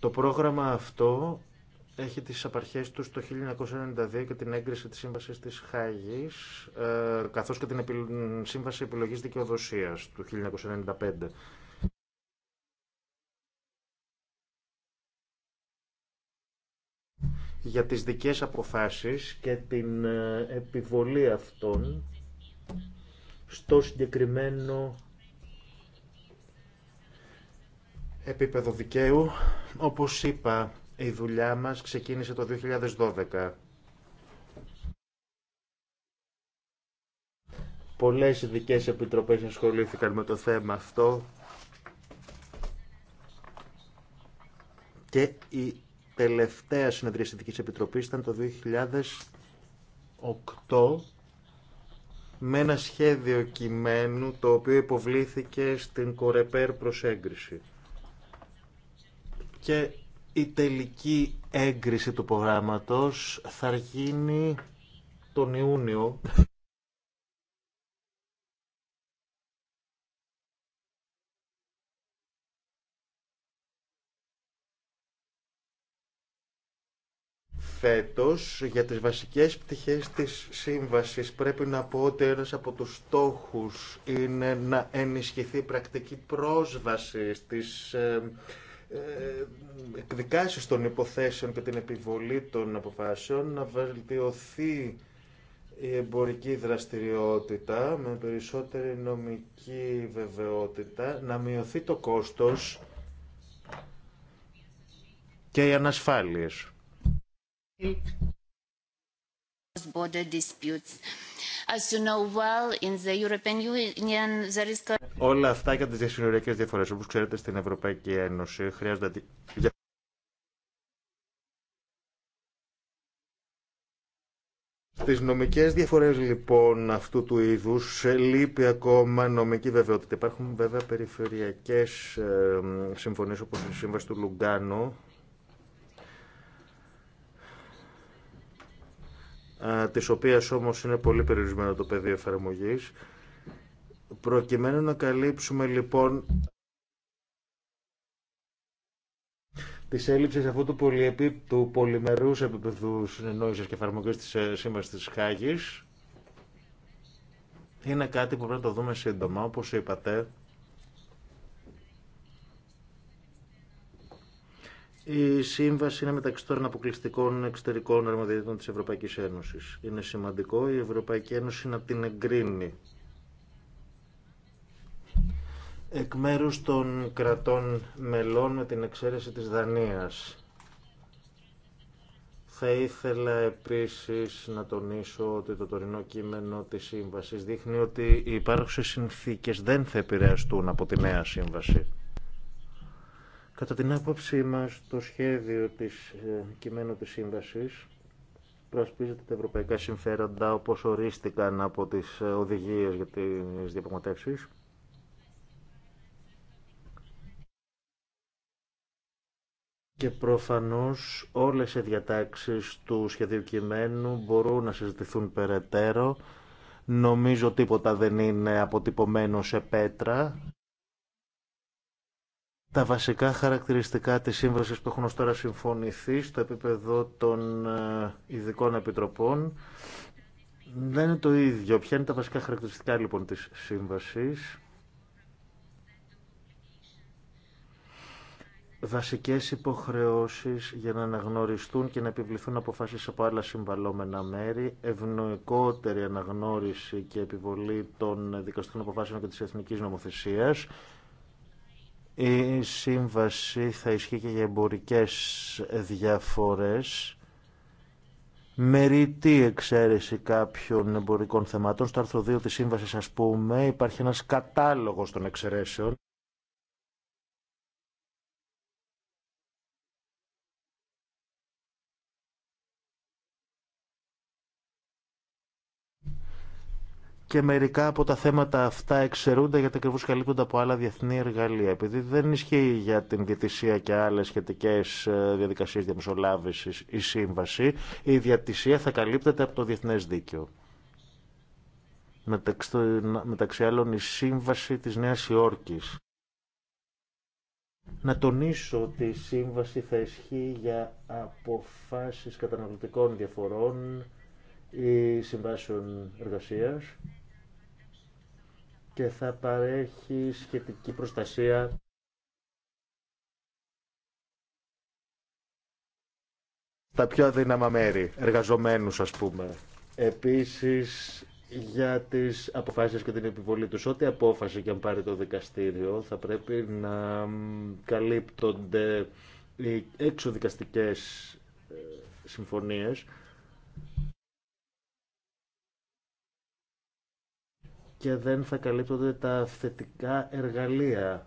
Το πρόγραμμα αυτό έχει τις απαρχές του το 1992 και την έγκριση της Σύμβασης της Χάγης, ε, καθώς και την Σύμβαση Επιλογής Δικαιοδοσίας του 1995. για τις δικές αποφάσεις και την ε, επιβολή αυτών στο συγκεκριμένο επίπεδο δικαίου. Όπως είπα, η δουλειά μας ξεκίνησε το 2012. Πολλές ειδικέ επιτροπές ασχολήθηκαν με το θέμα αυτό και η τελευταία συνεδρία Συνδικής Επιτροπής ήταν το 2008 με ένα σχέδιο κειμένου το οποίο υποβλήθηκε στην Κορεπέρ προς έγκριση. Και η τελική έγκριση του προγράμματος θα γίνει τον Ιούνιο Φέτος, για τις βασικές πτυχές της σύμβασης, πρέπει να πω ότι ένας από τους στόχους είναι να ενισχυθεί πρακτική πρόσβαση στις ε, ε, εκδικάσεις των υποθέσεων και την επιβολή των αποφάσεων, να βελτιωθεί η εμπορική δραστηριότητα με περισσότερη νομική βεβαιότητα, να μειωθεί το κόστος και οι ανασφάλειες. Όλα αυτά για τι διασυνοριακές διαφορές. όπω ξέρετε, στην Ευρωπαϊκή Ένωση χρειάζονται... Στι νομικέ διαφορέ λοιπόν αυτού του είδου λείπει ακόμα νομική βεβαιότητα. Υπάρχουν βέβαια περιφερειακέ ε, συμφωνίε όπω η Σύμβαση του Λουγκάνου. της οποίας όμως είναι πολύ περιορισμένο το πεδίο εφαρμογής. Προκειμένου να καλύψουμε λοιπόν τις έλλειψεις αυτού του, πολυεπί... του πολυμερού επίπεδου συνεννόηση και εφαρμογής τη ε, Σύμβαση τη Χάγη είναι κάτι που πρέπει να το δούμε σύντομα. Όπω είπατε, Η σύμβαση είναι μεταξύ των αποκλειστικών εξωτερικών αρμοδιότητων της Ευρωπαϊκής Ένωσης. Είναι σημαντικό η Ευρωπαϊκή Ένωση να την εγκρίνει. Εκ μέρους των κρατών μελών με την εξαίρεση της Δανίας. Θα ήθελα επίσης να τονίσω ότι το τωρινό κείμενο της σύμβασης δείχνει ότι οι υπάρχουσες συνθήκες δεν θα επηρεαστούν από τη νέα σύμβαση. Κατά την άποψή μας, το σχέδιο της ε, κειμένου της σύμβασης προασπίζεται τα ευρωπαϊκά συμφέροντα όπως ορίστηκαν από τις ε, οδηγίες για τις διαπραγματεύσεις. Και προφανώς όλες οι διατάξεις του σχεδίου κειμένου μπορούν να συζητηθούν περαιτέρω. Νομίζω τίποτα δεν είναι αποτυπωμένο σε πέτρα τα βασικά χαρακτηριστικά της σύμβασης που έχουν ως τώρα συμφωνηθεί στο επίπεδο των ε, ειδικών επιτροπών δεν είναι το ίδιο. Ποια είναι τα βασικά χαρακτηριστικά λοιπόν της σύμβασης. Βασικές υποχρεώσεις για να αναγνωριστούν και να επιβληθούν αποφάσεις από άλλα συμβαλόμενα μέρη, ευνοϊκότερη αναγνώριση και επιβολή των δικαστικών αποφάσεων και της εθνικής νομοθεσίας, η σύμβαση θα ισχύει και για εμπορικές διαφορές με ρητή εξαίρεση κάποιων εμπορικών θεμάτων. Στο άρθρο 2 της σύμβασης, ας πούμε, υπάρχει ένας κατάλογος των εξαιρέσεων και μερικά από τα θέματα αυτά εξαιρούνται γιατί ακριβώ καλύπτονται από άλλα διεθνή εργαλεία. Επειδή δεν ισχύει για την διατησία και άλλε σχετικέ ε, διαδικασίε διαμεσολάβηση η σύμβαση, η διατησία θα καλύπτεται από το διεθνέ δίκαιο. Μεταξύ άλλων η σύμβαση της Νέας Υόρκη. Να τονίσω ότι η σύμβαση θα ισχύει για αποφάσεις καταναλωτικών διαφορών ή συμβάσεων εργασίας και θα παρέχει σχετική προστασία τα πιο αδύναμα μέρη, εργαζομένους ας πούμε. Επίσης για τις αποφάσεις και την επιβολή τους. Ό,τι απόφαση και αν πάρει το δικαστήριο θα πρέπει να καλύπτονται οι έξοδικαστικές ε, συμφωνίες και δεν θα καλύπτονται τα θετικά εργαλεία.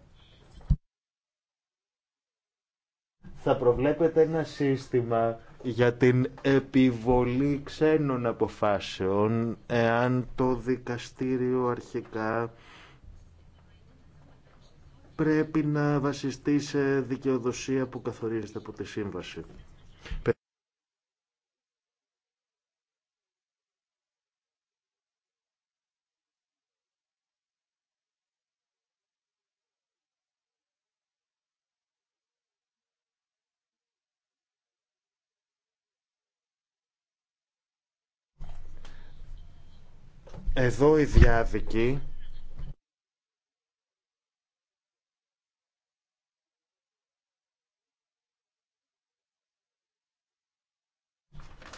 Θα προβλέπετε ένα σύστημα για την επιβολή ξένων αποφάσεων εάν το δικαστήριο αρχικά πρέπει να βασιστεί σε δικαιοδοσία που καθορίζεται από τη σύμβαση. Εδώ η διάδικοι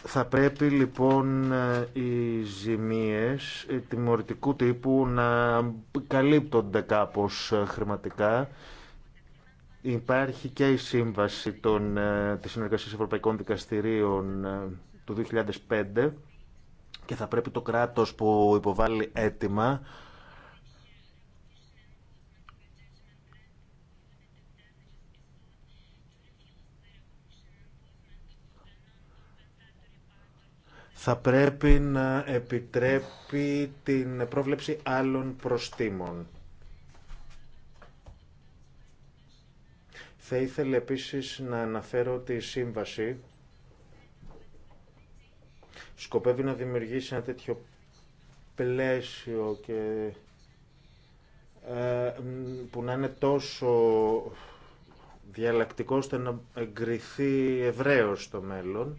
Θα πρέπει λοιπόν ε, οι ζημίες ε, τιμωρητικού τύπου να καλύπτονται κάπως ε, χρηματικά. Υπάρχει και η σύμβαση των, της Συνεργασίας Ευρωπαϊκών Δικαστηρίων του 2005 και θα πρέπει το κράτος που υποβάλλει έτοιμα θα πρέπει να επιτρέπει την πρόβλεψη άλλων προστήμων. Θα ήθελα επίσης να αναφέρω τη σύμβαση σκοπεύει να δημιουργήσει ένα τέτοιο πλαίσιο και ε, που να είναι τόσο διαλλακτικό ώστε να εγκριθεί ευρέω στο μέλλον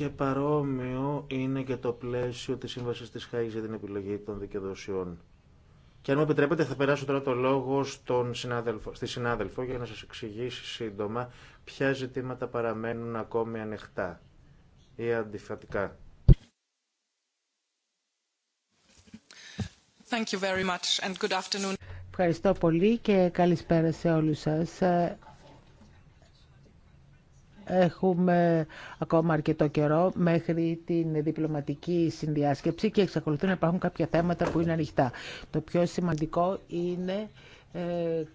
Και παρόμοιο είναι και το πλαίσιο της Σύμβασης της ΧΑΙΣ για την επιλογή των δικαιοδοσιών. Και αν μου επιτρέπετε θα περάσω τώρα το λόγο στον συνάδελφο, στη συνάδελφο για να σας εξηγήσει σύντομα ποια ζητήματα παραμένουν ακόμη ανοιχτά ή αντιφατικά. Thank you very much and good afternoon. Ευχαριστώ πολύ και καλησπέρα σε όλους σας. Έχουμε ακόμα αρκετό καιρό μέχρι την διπλωματική συνδιάσκεψη και εξακολουθούν να υπάρχουν κάποια θέματα που είναι ανοιχτά. Το πιο σημαντικό είναι ε,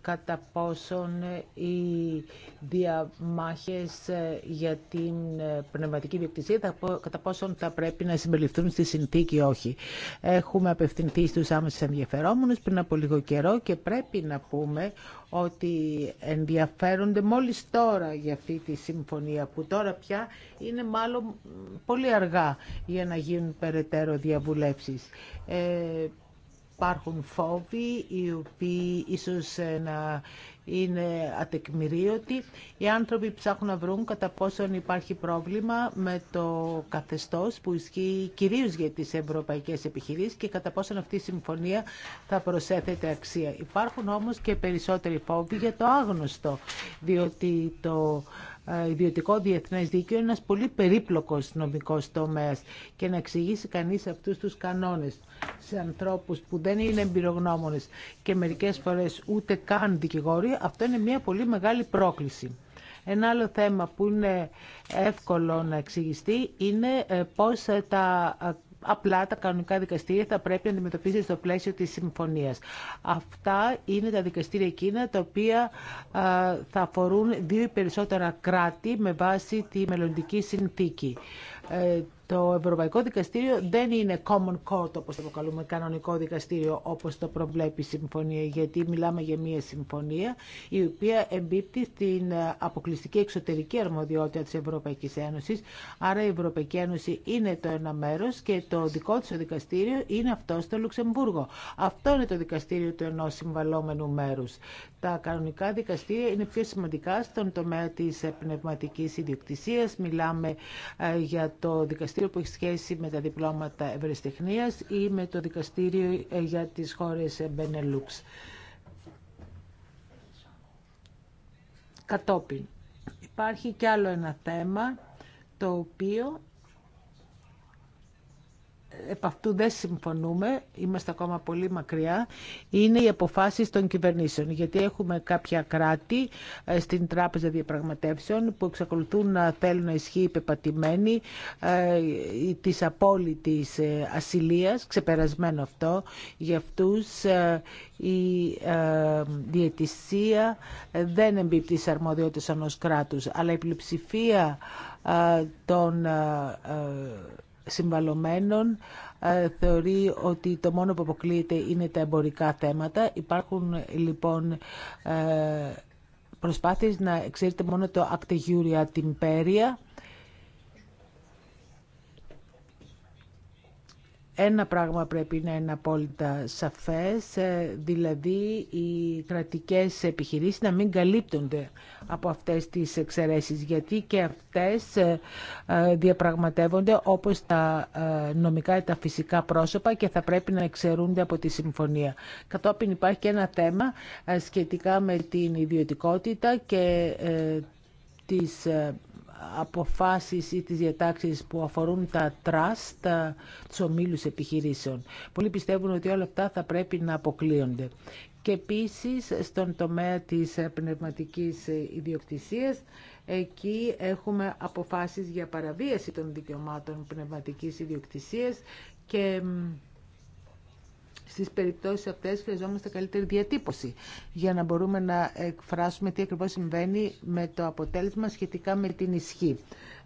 κατά πόσον οι διαμάχες ε, για την ε, πνευματική διοκτησία κατά πόσον θα πρέπει να συμπεριληφθούν στη συνθήκη ή όχι. Έχουμε απευθυνθεί στους άμεσους ενδιαφερόμενους πριν από λίγο καιρό και πρέπει να πούμε ότι ενδιαφέρονται μόλις τώρα για αυτή τη συμφωνία που τώρα πια είναι μάλλον πολύ αργά για να γίνουν περαιτέρω διαβουλεύσεις υπάρχουν φόβοι οι οποίοι ίσως ε, να είναι ατεκμηρίωτοι. Οι άνθρωποι ψάχνουν να βρουν κατά πόσον υπάρχει πρόβλημα με το καθεστώς που ισχύει κυρίως για τις ευρωπαϊκές επιχειρήσεις και κατά πόσον αυτή η συμφωνία θα προσέθεται αξία. Υπάρχουν όμως και περισσότεροι φόβοι για το άγνωστο, διότι το ε, ιδιωτικό Διεθνέ δίκαιο είναι ένα πολύ περίπλοκος νομικός τομέα και να εξηγήσει κανείς αυτού τους κανόνες σε ανθρώπους που δεν είναι εμπειρογνώμονες και μερικέ φορές ούτε καν δικηγόροι, αυτό είναι μια πολύ μεγάλη πρόκληση. Ένα άλλο θέμα που είναι εύκολο να εξηγηστεί είναι ε, πώς ε, τα απλά τα κανονικά δικαστήρια θα πρέπει να αντιμετωπίζονται στο πλαίσιο της συμφωνίας. Αυτά είναι τα δικαστήρια εκείνα τα οποία θα αφορούν δύο περισσότερα κράτη με βάση τη μελλοντική συνθήκη. Ε, το Ευρωπαϊκό Δικαστήριο δεν είναι common court όπως το αποκαλούμε, κανονικό δικαστήριο όπως το προβλέπει η συμφωνία, γιατί μιλάμε για μια συμφωνία η οποία εμπίπτει στην αποκλειστική εξωτερική αρμοδιότητα της Ευρωπαϊκής Ένωσης. Άρα η Ευρωπαϊκή Ένωση είναι το ένα μέρος και το δικό της δικαστήριο είναι αυτό στο Λουξεμβούργο. Αυτό είναι το δικαστήριο του ενός συμβαλόμενου μέρους. Τα κανονικά δικαστήρια είναι πιο σημαντικά στον τομέα της πνευματικής ιδιοκτησίας. Μιλάμε ε, για το δικαστήριο δικαστήριο που έχει σχέση με τα διπλώματα ευρεσιτεχνίας ή με το δικαστήριο ε, για τις χώρες ε, Μπενελούξ. Κατόπιν, υπάρχει κι άλλο ένα θέμα το οποίο επ' αυτού δεν συμφωνούμε, είμαστε ακόμα πολύ μακριά, είναι οι αποφάσεις των κυβερνήσεων. Γιατί έχουμε κάποια κράτη ε, στην Τράπεζα Διαπραγματεύσεων που εξακολουθούν να θέλουν να ισχύει πεπατημένοι τη ε, της απόλυτης ε, ασυλίας, ξεπερασμένο αυτό, για αυτούς η δεν εμπίπτει σε αρμοδιότητες ενός κράτους, αλλά η πλειοψηφία των συμβαλωμένων ε, θεωρεί ότι το μόνο που αποκλείεται είναι τα εμπορικά θέματα. Υπάρχουν λοιπόν ε, προσπάθειες να εξαιρείται μόνο το ακτεγιούρια την Πέρια Ένα πράγμα πρέπει να είναι απόλυτα σαφές, ε, δηλαδή οι κρατικές επιχειρήσεις να μην καλύπτονται από αυτές τις εξαιρέσεις, γιατί και αυτές ε, ε, διαπραγματεύονται όπως τα νομικά ή τα φυσικά πρόσωπα και θα πρέπει να εξαιρούνται από τη συμφωνία. Κατόπιν υπάρχει και ένα θέμα σχετικά με την ιδιωτικότητα και τις αποφάσεις ή τις διατάξεις που αφορούν τα τρας, του ομίλου επιχειρήσεων. Πολλοί πιστεύουν ότι όλα αυτά θα πρέπει να αποκλείονται. Και επίσης στον τομέα της πνευματικής ιδιοκτησίας εκεί έχουμε αποφάσεις για παραβίαση των δικαιωμάτων πνευματικής ιδιοκτησίας και στις περιπτώσεις αυτές χρειαζόμαστε καλύτερη διατύπωση για να μπορούμε να εκφράσουμε τι ακριβώς συμβαίνει με το αποτέλεσμα σχετικά με την ισχύ.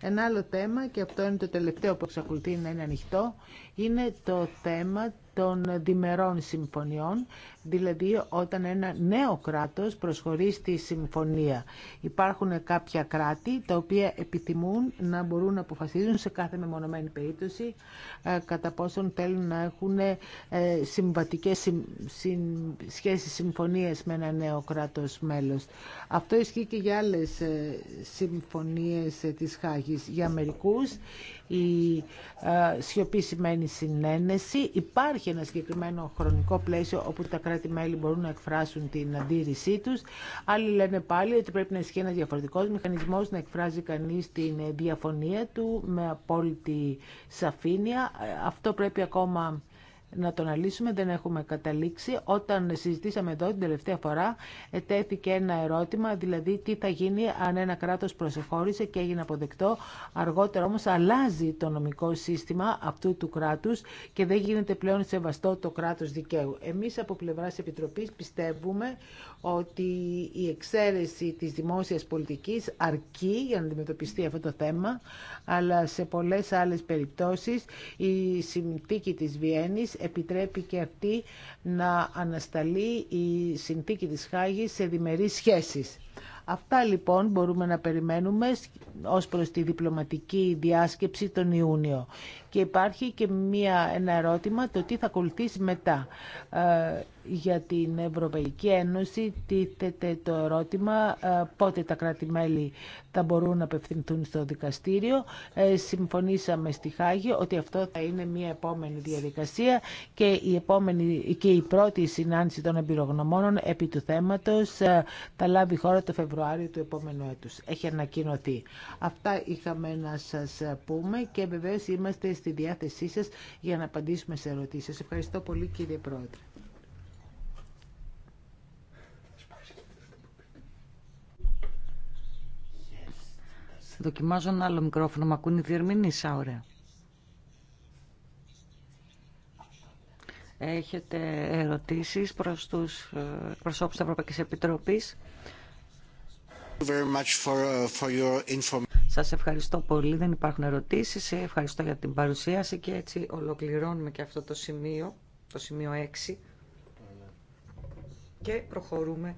Ένα άλλο θέμα, και αυτό είναι το τελευταίο που εξακολουθεί να είναι ανοιχτό, είναι το θέμα των διμερών συμφωνιών, δηλαδή όταν ένα νέο κράτος προσχωρεί στη συμφωνία. Υπάρχουν κάποια κράτη τα οποία επιθυμούν να μπορούν να αποφασίζουν σε κάθε μεμονωμένη περίπτωση ε, κατά πόσον θέλουν να έχουν ε, συμβατικές σχέσεις συμφωνίες με ένα νέο κράτος μέλος. Αυτό ισχύει και για άλλες ε, συμφωνίες της Χάγης. Για μερικούς η ε, σιωπή σημαίνει συνένεση. Υπάρχει ένα συγκεκριμένο χρονικό πλαίσιο όπου τα κράτη-μέλη μπορούν να εκφράσουν την αντίρρησή τους. Άλλοι λένε πάλι ότι πρέπει να ισχύει ένα διαφορετικό μηχανισμό να εκφράζει κανείς την διαφωνία του με απόλυτη σαφήνεια. Ε, αυτό πρέπει ακόμα να το αναλύσουμε, δεν έχουμε καταλήξει. Όταν συζητήσαμε εδώ την τελευταία φορά, τέθηκε ένα ερώτημα, δηλαδή τι θα γίνει αν ένα κράτος προσεχώρησε και έγινε αποδεκτό. Αργότερα όμως αλλάζει το νομικό σύστημα αυτού του κράτους και δεν γίνεται πλέον σεβαστό το κράτος δικαίου. Εμείς από πλευράς Επιτροπής πιστεύουμε ότι η εξαίρεση της δημόσιας πολιτικής αρκεί για να αντιμετωπιστεί αυτό το θέμα, αλλά σε πολλές άλλες περιπτώσεις η συνθήκη της Βιέννης επιτρέπει και αυτή να ανασταλεί η συνθήκη της Χάγης σε διμερείς σχέσεις. Αυτά λοιπόν μπορούμε να περιμένουμε ως προς τη διπλωματική διάσκεψη τον Ιούνιο. Και υπάρχει και μία, ένα ερώτημα το τι θα ακολουθήσει μετά. Ε, για την Ευρωπαϊκή Ένωση τίθεται το ερώτημα ε, πότε τα κράτη-μέλη θα μπορούν να απευθυνθούν στο δικαστήριο. Ε, συμφωνήσαμε στη Χάγη ότι αυτό θα είναι μια επόμενη διαδικασία και η, επόμενη, και η πρώτη συνάντηση των εμπειρογνωμόνων επί του θέματος θα λάβει χώρα το Φεβρουάριο του επόμενου έτους. Έχει ανακοινωθεί. Αυτά είχαμε να σας πούμε και βεβαίως είμαστε στη διάθεσή σας για να απαντήσουμε σε ερωτήσεις. Ευχαριστώ πολύ κύριε Πρόεδρε. Δοκιμάζω ένα άλλο μικρόφωνο. Μ' ακούνε οι διερμηνείς, ωραία. Έχετε ερωτήσεις προς τους ε, προσώπους της Ευρωπαϊκής Επιτροπής. Uh, Σας ευχαριστώ πολύ. Δεν υπάρχουν ερωτήσεις. Ευχαριστώ για την παρουσίαση και έτσι ολοκληρώνουμε και αυτό το σημείο, το σημείο 6 και προχωρούμε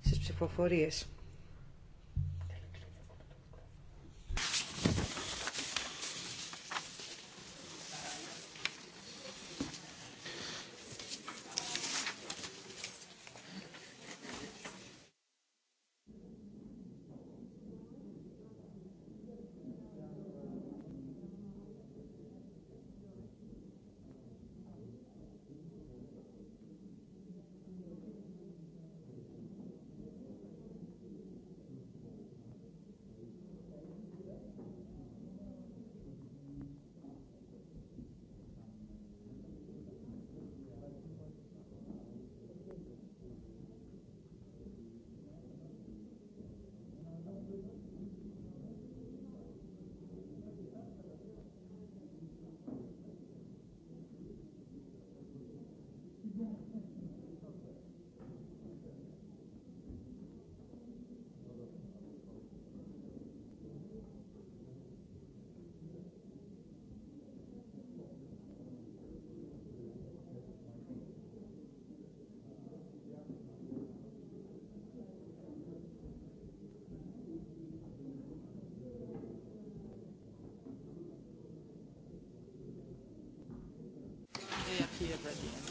στις ψηφοφορίες. different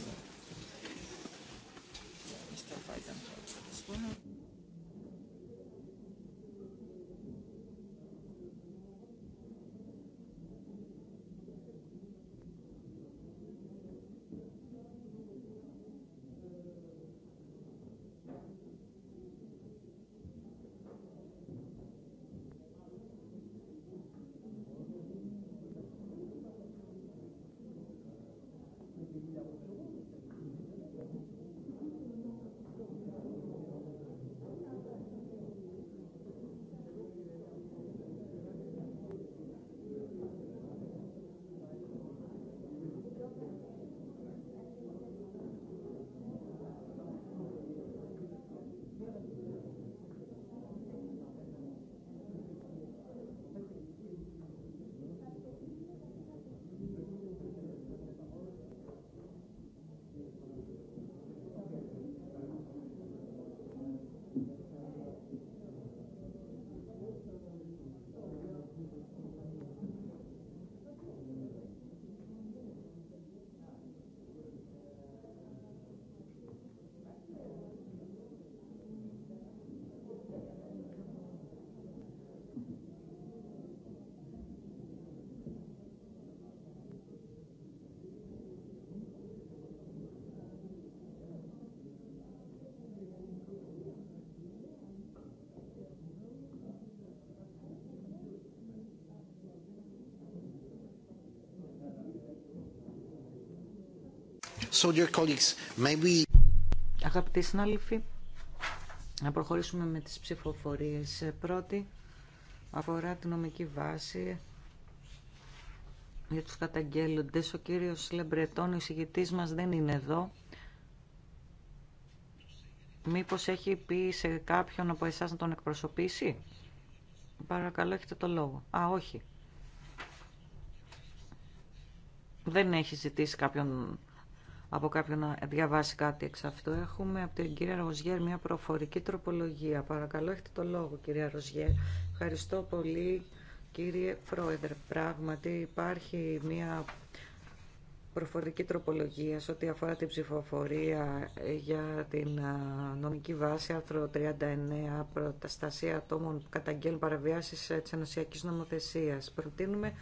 So, dear Αγαπητοί συνάδελφοι, να προχωρήσουμε με τις ψηφοφορίες. Πρώτη αφορά την νομική βάση για τους καταγγέλλοντες. Ο κύριος Λεμπρετών, ο εισηγητής μας, δεν είναι εδώ. Μήπως έχει πει σε κάποιον από εσάς να τον εκπροσωπήσει. Παρακαλώ, έχετε το λόγο. Α, όχι. Δεν έχει ζητήσει κάποιον από κάποιον να διαβάσει κάτι εξ αυτού. Έχουμε από την κυρία Ροζιέρ μια προφορική τροπολογία. Παρακαλώ, έχετε το λόγο, κυρία Ροζιέρ. Ευχαριστώ πολύ, κύριε Πρόεδρε. Πράγματι, υπάρχει μια προφορική τροπολογία σε ό,τι αφορά την ψηφοφορία για την νομική βάση άρθρο 39 προταστασία ατόμων που καταγγέλνουν παραβιάσεις της ενωσιακής νομοθεσίας. Προτείνουμε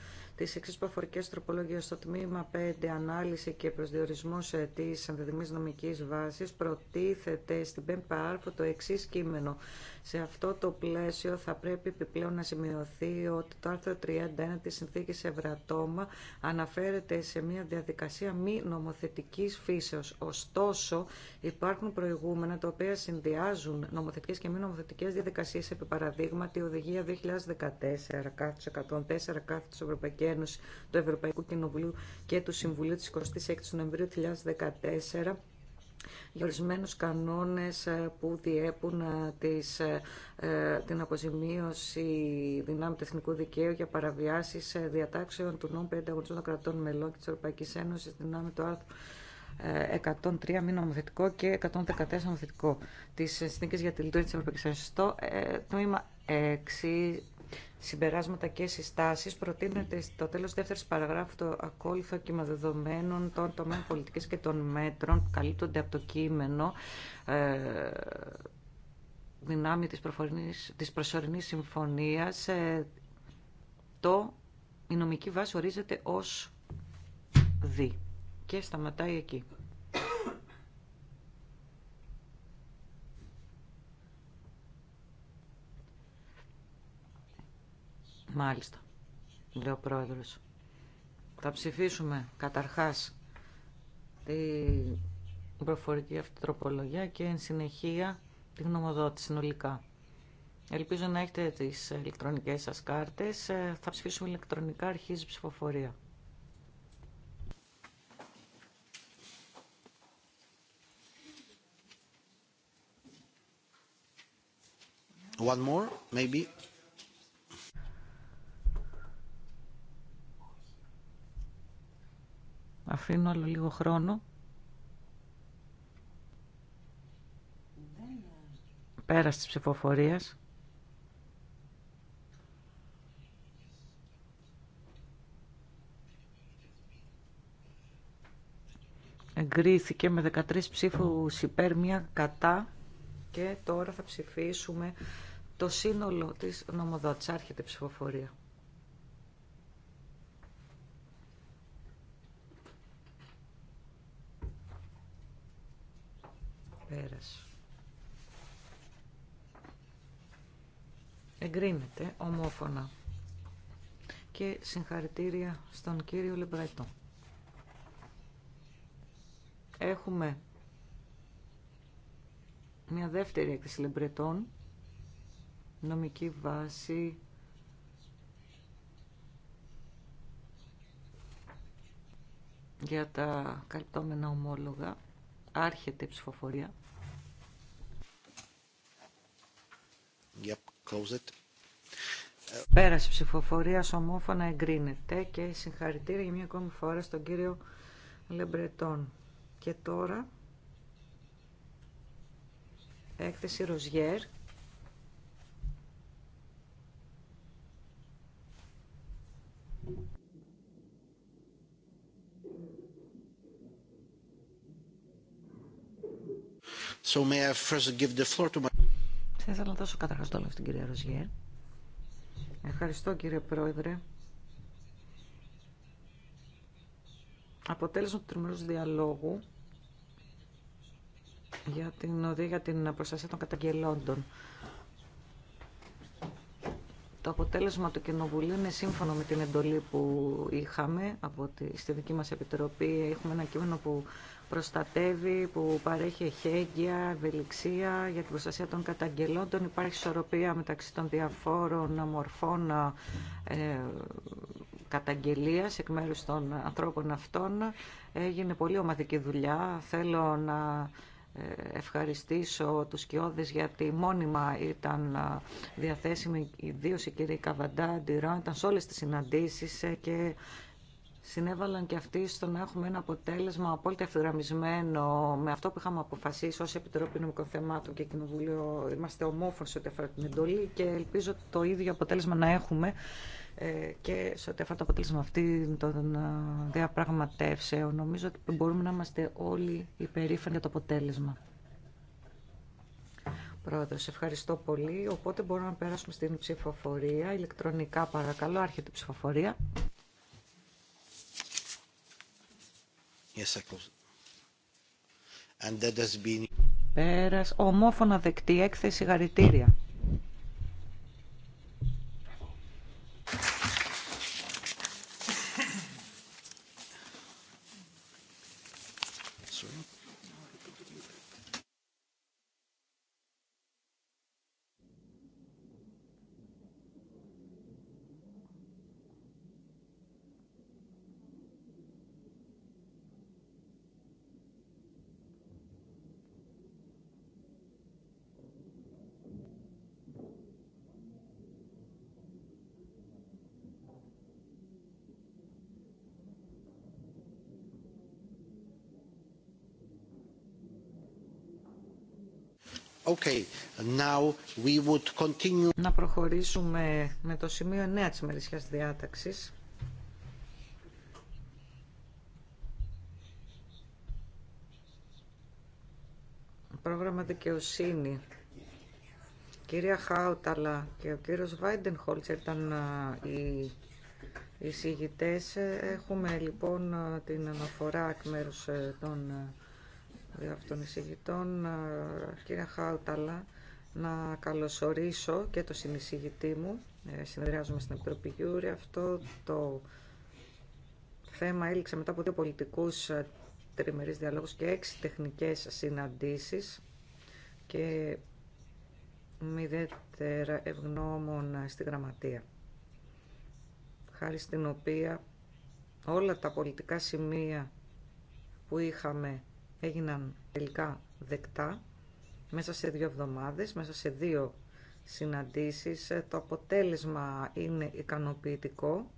τις εξής προφορικές τροπολογίες στο τμήμα 5 ανάλυση και προσδιορισμός τη ενδεδημής νομικής βάσης προτίθεται στην 5 το εξής κείμενο σε αυτό το πλαίσιο θα πρέπει επιπλέον να σημειωθεί ότι το άρθρο 31 της συνθήκης Ευρατόμα αναφέρεται σε μια διαδικασία μη νομοθετικής φύσεως. Ωστόσο υπάρχουν προηγούμενα τα οποία συνδυάζουν νομοθετικές και μη νομοθετικές διαδικασίες επί παραδείγματι η Οδηγία 2014 κάθος 104 Ευρωπαϊκή Ένωση του Ευρωπαϊκού Κοινοβουλίου και του Συμβουλίου της 26 Νοεμβρίου 2014 για ορισμένου κανόνες ε, που διέπουν ε, τις, ε, την αποζημίωση δυνάμει του εθνικού δικαίου για παραβιάσεις διατάξεων του νόμου περί των κρατών μελών και της Ευρωπαϊκής Ένωσης δυνάμει του άρθρου 103 μη νομοθετικό και 114 νομοθετικό τη Συνθήκη για τη Λειτουργία τη Ευρωπαϊκή Ένωση. Το τμήμα 6 συμπεράσματα και συστάσεις προτείνεται στο τέλος της δεύτερης παραγράφου το ακόλουθο κύμα δεδομένων των τομέων πολιτικής και των μέτρων που καλύπτονται από το κείμενο ε, δυνάμει της, της προσωρινής συμφωνίας ε, το η νομική βάση ορίζεται ως δι και σταματάει εκεί. Μάλιστα, λέει ο πρόεδρος. Θα ψηφίσουμε καταρχάς την προφορική αυτή τροπολογία και εν συνεχεία τη γνωμοδότηση συνολικά. Ελπίζω να έχετε τις ηλεκτρονικές σας κάρτες. Ε, θα ψηφίσουμε ηλεκτρονικά, αρχίζει ψηφοφορία. One more, maybe. Αφήνω άλλο λίγο χρόνο. πέρα της ψηφοφορίας. Εγκρίθηκε με 13 ψήφους υπέρ, μία κατά και τώρα θα ψηφίσουμε το σύνολο της νομοδότης. Άρχεται ψηφοφορία. Πέρας. Εγκρίνεται ομόφωνα και συγχαρητήρια στον κύριο Λεμπρετό. Έχουμε μια δεύτερη έκθεση Λεμπρετών, νομική βάση για τα καλυπτόμενα ομόλογα. Άρχεται η ψηφοφορία. Yep, ψηφοφορία, ομόφωνα εγκρίνεται και συγχαρητήρια για μια ακόμη φορά στον κύριο Λεμπρετών. Και τώρα, έκθεση Ροζιέρ. So may I first give the floor to my... Θα ήθελα να δώσω καταρχάς το στην κυρία Ροζιέ. Ευχαριστώ κύριε Πρόεδρε. Αποτέλεσμα του τριμερούς διαλόγου για την οδηγία για την προστασία των καταγγελόντων το αποτέλεσμα του Κοινοβουλίου είναι σύμφωνο με την εντολή που είχαμε από τη, στη δική μας Επιτροπή. Έχουμε ένα κείμενο που προστατεύει, που παρέχει εχέγγυα, ευελιξία για την προστασία των καταγγελόντων. Υπάρχει ισορροπία μεταξύ των διαφόρων μορφών ε, καταγγελίας εκ μέρους των ανθρώπων αυτών. Έγινε πολύ ομαδική δουλειά. Θέλω να ευχαριστήσω τους Κιώδης γιατί μόνιμα ήταν διαθέσιμη ιδίω η κυρία Καβαντά, Ντιράν, ήταν σε όλες τις συναντήσεις ε, και συνέβαλαν και αυτοί στο να έχουμε ένα αποτέλεσμα απόλυτα ευθυγραμμισμένο με αυτό που είχαμε αποφασίσει ως Επιτροπή Νομικών Θεμάτων και Κοινοβούλιο. Είμαστε ομόφωνοι σε ό,τι αφορά την εντολή και ελπίζω το ίδιο αποτέλεσμα να έχουμε ε, και σε ό,τι αφορά το αποτέλεσμα αυτή των ε, διαπραγματεύσεων. Νομίζω ότι μπορούμε να είμαστε όλοι υπερήφανοι για το αποτέλεσμα. Πρόεδρο, ευχαριστώ πολύ. Οπότε μπορούμε να περάσουμε στην ψηφοφορία. Ηλεκτρονικά παρακαλώ, άρχεται η ψηφοφορία. Yes, Πέρας, ομόφωνα δεκτή έκθεση γαριτήρια. Να προχωρήσουμε με το σημείο 9 της μερισιάς διάταξης. Πρόγραμμα δικαιοσύνη. Κυρία Χάουταλα και ο κύριος Βάιντενχόλτσερ ήταν οι εισηγητές. Έχουμε λοιπόν την αναφορά εκ μέρους των από τον εισηγητών, κύριε Χάουταλα, να καλωσορίσω και το συνεισηγητή μου. Ε, συνεδριάζομαι στην Επιτροπή Γιούρη. Αυτό το θέμα έληξε μετά από δύο πολιτικούς τριμερείς διαλόγους και έξι τεχνικές συναντήσεις και μη ιδιαίτερα ευγνώμων στη γραμματεία χάρη στην οποία όλα τα πολιτικά σημεία που είχαμε έγιναν τελικά δεκτά μέσα σε δύο εβδομάδες, μέσα σε δύο συναντήσεις. Το αποτέλεσμα είναι ικανοποιητικό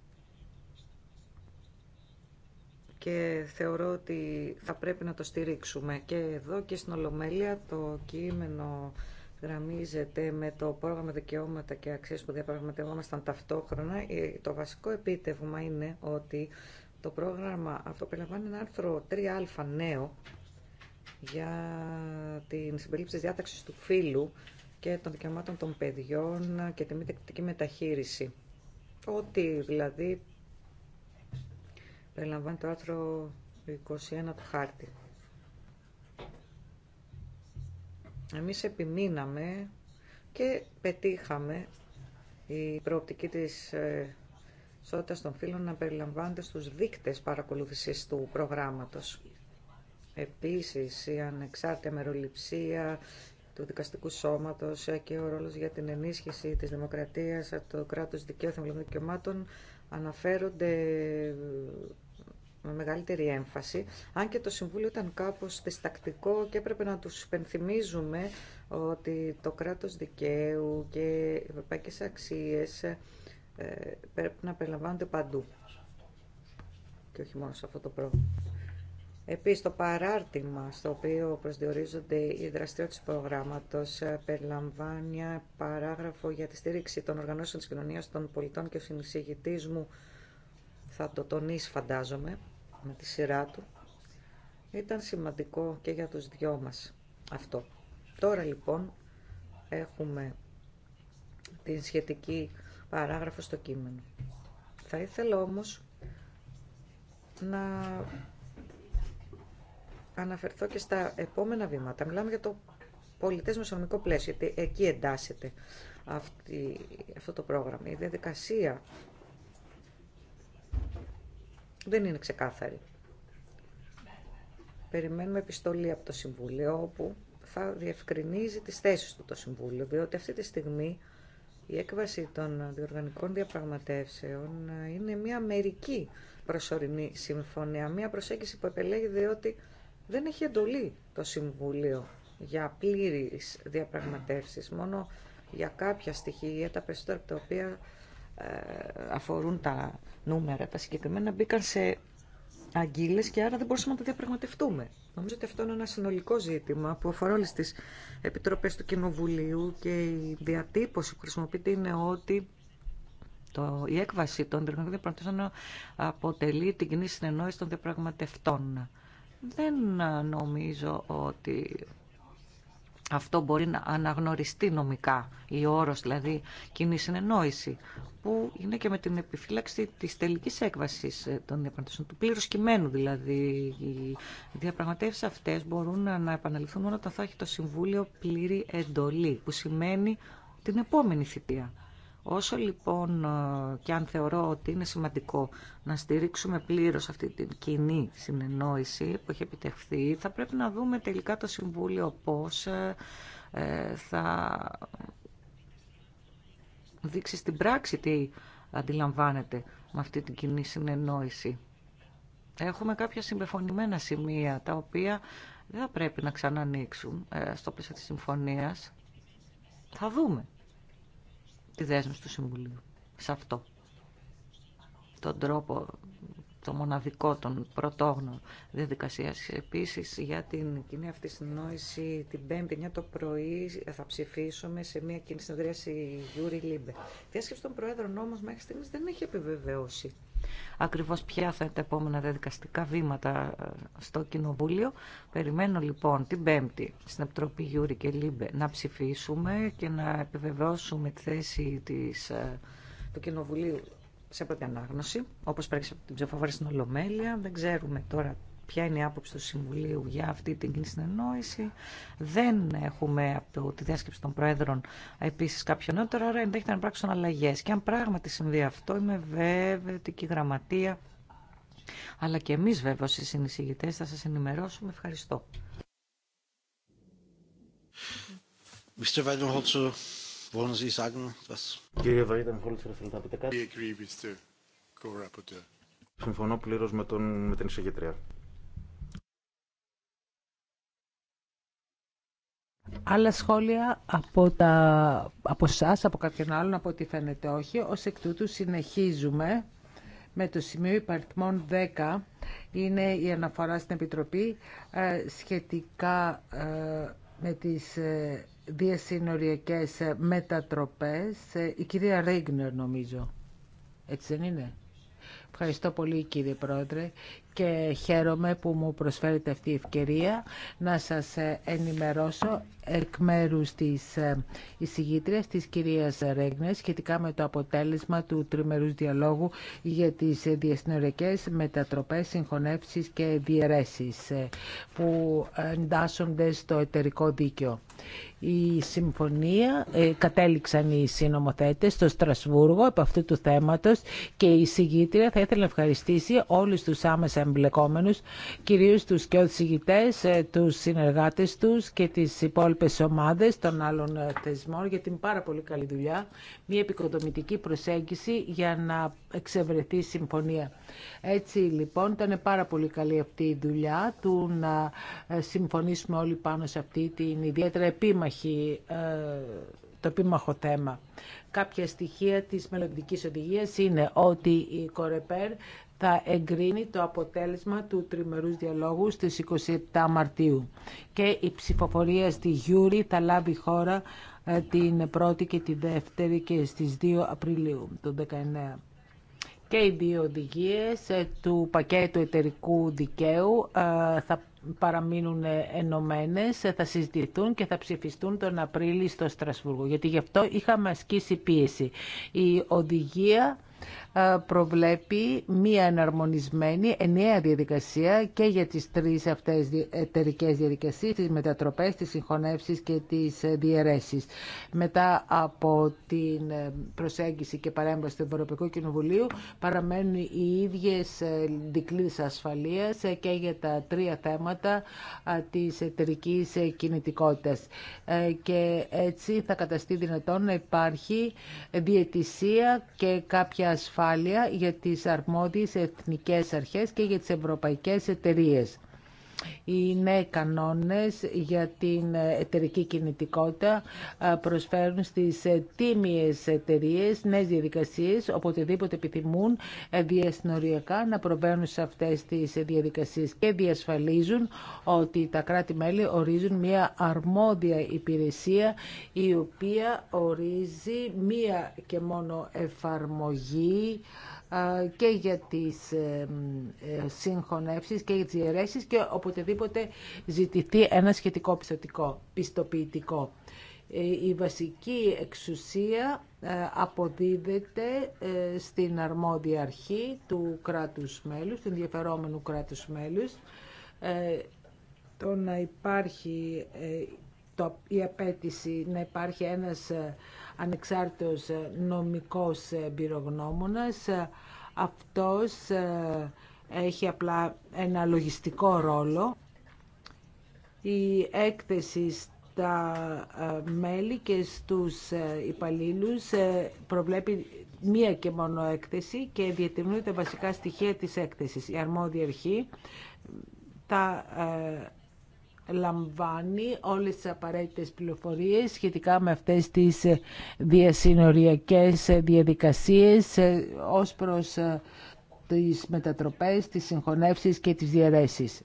και θεωρώ ότι θα πρέπει να το στηρίξουμε. Και εδώ και στην Ολομέλεια το κείμενο γραμμίζεται με το πρόγραμμα δικαιώματα και αξίες που διαπραγματευόμασταν ταυτόχρονα. Ε, το βασικό επίτευγμα είναι ότι το πρόγραμμα αυτό περιλαμβάνει ένα άρθρο 3α νέο για την συμπερίληψη της διάταξης του φύλου και των δικαιωμάτων των παιδιών και τη μη τεκτική μεταχείριση. Ό,τι δηλαδή περιλαμβάνει το άρθρο 21 του χάρτη. Εμείς επιμείναμε και πετύχαμε η προοπτική της ε, ισότητας των φύλων να περιλαμβάνεται στους δείκτες παρακολούθησης του προγράμματος. Επίσης, η ανεξάρτητη αμεροληψία του δικαστικού σώματος και ο ρόλος για την ενίσχυση της δημοκρατίας, το κράτος δικαίου των δικαιωμάτων αναφέρονται με μεγαλύτερη έμφαση, αν και το Συμβούλιο ήταν κάπως διστακτικό και έπρεπε να τους υπενθυμίζουμε ότι το κράτος δικαίου και οι ευρωπαϊκές αξίες ε, πρέπει να περιλαμβάνονται παντού και όχι μόνο σε αυτό το πρόγραμμα. Επίσης, το παράρτημα στο οποίο προσδιορίζονται οι δραστηριότητες του προγράμματος ε, περιλαμβάνει παράγραφο για τη στήριξη των οργανώσεων της κοινωνίας των πολιτών και ο συνεισηγητής μου θα το τονίσει φαντάζομαι με τη σειρά του. Ήταν σημαντικό και για τους δυο μας αυτό. Τώρα λοιπόν έχουμε την σχετική παράγραφο στο κείμενο. Θα ήθελα όμως να αναφερθώ και στα επόμενα βήματα. Μιλάμε για το πολιτές μεσονομικό πλαίσιο, γιατί εκεί εντάσσεται αυτή, αυτό το πρόγραμμα. Η διαδικασία δεν είναι ξεκάθαρη. Περιμένουμε επιστολή από το Συμβούλιο, όπου θα διευκρινίζει τις θέσεις του το Συμβούλιο, διότι αυτή τη στιγμή η έκβαση των διοργανικών διαπραγματεύσεων είναι μια μερική προσωρινή συμφωνία, μια προσέγγιση που επελέγει διότι δεν έχει εντολή το Συμβούλιο για πλήρης διαπραγματεύσεις, μόνο για κάποια στοιχεία, τα περισσότερα από τα οποία ε, αφορούν τα νούμερα, τα συγκεκριμένα, μπήκαν σε αγγύλες και άρα δεν μπορούσαμε να τα διαπραγματευτούμε. Νομίζω ότι αυτό είναι ένα συνολικό ζήτημα που αφορά όλες τις επιτροπές του Κοινοβουλίου και η διατύπωση που χρησιμοποιείται είναι ότι το, η έκβαση των διαπραγματευτών αποτελεί την κοινή συνεννόηση των διαπραγματευτών. Δεν νομίζω ότι αυτό μπορεί να αναγνωριστεί νομικά η όρος, δηλαδή κοινή συνεννόηση, που είναι και με την επιφύλαξη της τελικής έκβασης ε, των διαπραγματεύσεων, του πλήρους κειμένου δηλαδή. Οι διαπραγματεύσεις αυτές μπορούν να επαναληφθούν μόνο όταν θα έχει το Συμβούλιο πλήρη εντολή, που σημαίνει την επόμενη θητεία. Όσο λοιπόν ε, και αν θεωρώ ότι είναι σημαντικό να στηρίξουμε πλήρως αυτή την κοινή συνεννόηση που έχει επιτευχθεί, θα πρέπει να δούμε τελικά το Συμβούλιο πώς ε, ε, θα δείξει στην πράξη τι αντιλαμβάνεται με αυτή την κοινή συνεννόηση. Έχουμε κάποια συμπεφωνημένα σημεία τα οποία δεν θα πρέπει να ξανανοίξουν στο πλαίσιο της συμφωνίας. Θα δούμε τη δέσμευση του Συμβουλίου σε αυτό. Τον τρόπο, το μοναδικό τον πρωτόγνωρο διαδικασία. Επίσης, για την κοινή αυτή συνόηση, την Πέμπτη η το πρωί θα ψηφίσουμε σε μια κοινή συνεδρίαση Γιούρι Λίμπε. Η διάσκεψη των Προέδρων όμω μέχρι στιγμή δεν έχει επιβεβαιώσει ακριβώς ποια θα είναι τα επόμενα διαδικαστικά βήματα ε, στο Κοινοβούλιο. Περιμένω λοιπόν την Πέμπτη στην Επιτροπή Γιούρη και Λίμπε να ψηφίσουμε και να επιβεβαιώσουμε τη θέση της, ε, του Κοινοβουλίου σε πρώτη ανάγνωση, όπως πρέπει την ψηφοφορία στην Ολομέλεια. Δεν ξέρουμε τώρα ποια είναι η άποψη του Συμβουλίου για αυτή την κοινή συνεννόηση. Δεν έχουμε από τη διάσκεψη των Πρόεδρων επίση κάποιο νεότερο, άρα ενδέχεται να υπάρξουν αλλαγέ. Και αν πράγματι συμβεί αυτό, είμαι βέβαιη ότι και η Γραμματεία, αλλά και εμεί βέβαια οι συνεισηγητέ θα σα ενημερώσουμε. Ευχαριστώ. Κύριε θέλετε Συμφωνώ πλήρως με, με την εισηγητρία. Άλλα σχόλια από, τα, από σας, από κάποιον άλλον, από ό,τι φαίνεται όχι. ω εκ τούτου συνεχίζουμε με το σημείο υπαριθμών 10. Είναι η αναφορά στην Επιτροπή ε, σχετικά ε, με τις ε, μετατροπέ, μετατροπές. Ε, η κυρία Ρίγνερ νομίζω. Έτσι δεν είναι. Ευχαριστώ πολύ κύριε Πρόεδρε και χαίρομαι που μου προσφέρετε αυτή η ευκαιρία να σας ε, ενημερώσω εκ μέρους της ε, εισηγήτριας της κυρίας Ρέγνε σχετικά με το αποτέλεσμα του τριμερούς διαλόγου για τις διασυνοριακές μετατροπές, συγχωνεύσεις και διαιρέσεις ε, που εντάσσονται στο εταιρικό δίκαιο. Η συμφωνία κατέληξαν οι συνομοθέτε στο Στρασβούργο από αυτού του θέματος και η εισηγήτρια θα ήθελε να ευχαριστήσει όλους τους άμεσα εμπλεκόμενους, κυρίως τους και οδηγητές, ε, τους συνεργάτες τους και τις υπόλοιπες ομάδες των άλλων ε, θεσμών για την πάρα πολύ καλή δουλειά, μια επικοδομητική προσέγγιση για να εξευρεθεί συμφωνία. Έτσι λοιπόν ήταν πάρα πολύ καλή αυτή η δουλειά του να ε, συμφωνήσουμε όλοι πάνω σε αυτή την ιδιαίτερα επίμαχη το επίμαχο θέμα. Κάποια στοιχεία της μελλοντική οδηγίας είναι ότι η Κορεπέρ θα εγκρίνει το αποτέλεσμα του τριμερούς διαλόγου στις 27 Μαρτίου. Και η ψηφοφορία στη Γιούρη θα λάβει χώρα ε, την 1η και τη 2η και στις 2 Απριλίου του 19 και οι δύο οδηγίε ε, του πακέτου εταιρικού δικαίου ε, θα παραμείνουν ενωμένε, θα συζητηθούν και θα ψηφιστούν τον Απρίλιο στο Στρασβούργο. Γιατί γι' αυτό είχαμε ασκήσει πίεση. Η οδηγία ε, προβλέπει μία εναρμονισμένη ενιαία διαδικασία και για τις τρεις αυτές εταιρικέ διαδικασίες, τις μετατροπές, τις συγχωνεύσεις και τις διαιρέσεις. Μετά από την ε, προσέγγιση και παρέμβαση του Ευρωπαϊκού Κοινοβουλίου παραμένουν οι ίδιες ε, δικλείδες ασφαλείας και για τα τρία θέματα της εταιρική κινητικότητας. Και έτσι θα καταστεί δυνατόν να υπάρχει διαιτησία και κάποια ασφάλεια για τις αρμόδιες εθνικές αρχές και για τις ευρωπαϊκές εταιρείες. Οι νέοι κανόνες για την εταιρική κινητικότητα ε, προσφέρουν στις τίμιες εταιρείε νέες διαδικασίες, οποτεδήποτε επιθυμούν ε, διασυνοριακά να προβαίνουν σε αυτές τις διαδικασίες και διασφαλίζουν ότι τα κράτη-μέλη ορίζουν μια αρμόδια υπηρεσία η οποία ορίζει μία και μόνο εφαρμογή και για τις ε, συγχωνεύσεις και για τις ιερέσεις και οποτεδήποτε ζητηθεί ένα σχετικό πιστοποιητικό. Ε, η βασική εξουσία ε, αποδίδεται στην αρμόδια αρχή του κράτους μέλους, του ενδιαφερόμενου κράτους μέλους, το να υπάρχει το, η απέτηση να υπάρχει ένας ε, ανεξάρτητος ε, νομικός εμπειρογνώμονας. Ε, αυτός έχει απλά ένα λογιστικό ρόλο. Η έκθεση στα μέλη και στους υπαλλήλους προβλέπει μία και μόνο έκθεση και διατηρούνται βασικά στοιχεία της έκθεσης. Η αρμόδια αρχή τα λαμβάνει όλες τις απαραίτητες πληροφορίες σχετικά με αυτές τις ε, διασυνοριακές ε, διαδικασίες ε, ως προς τις μετατροπές, τις συγχωνεύσεις και τις διαιρέσεις.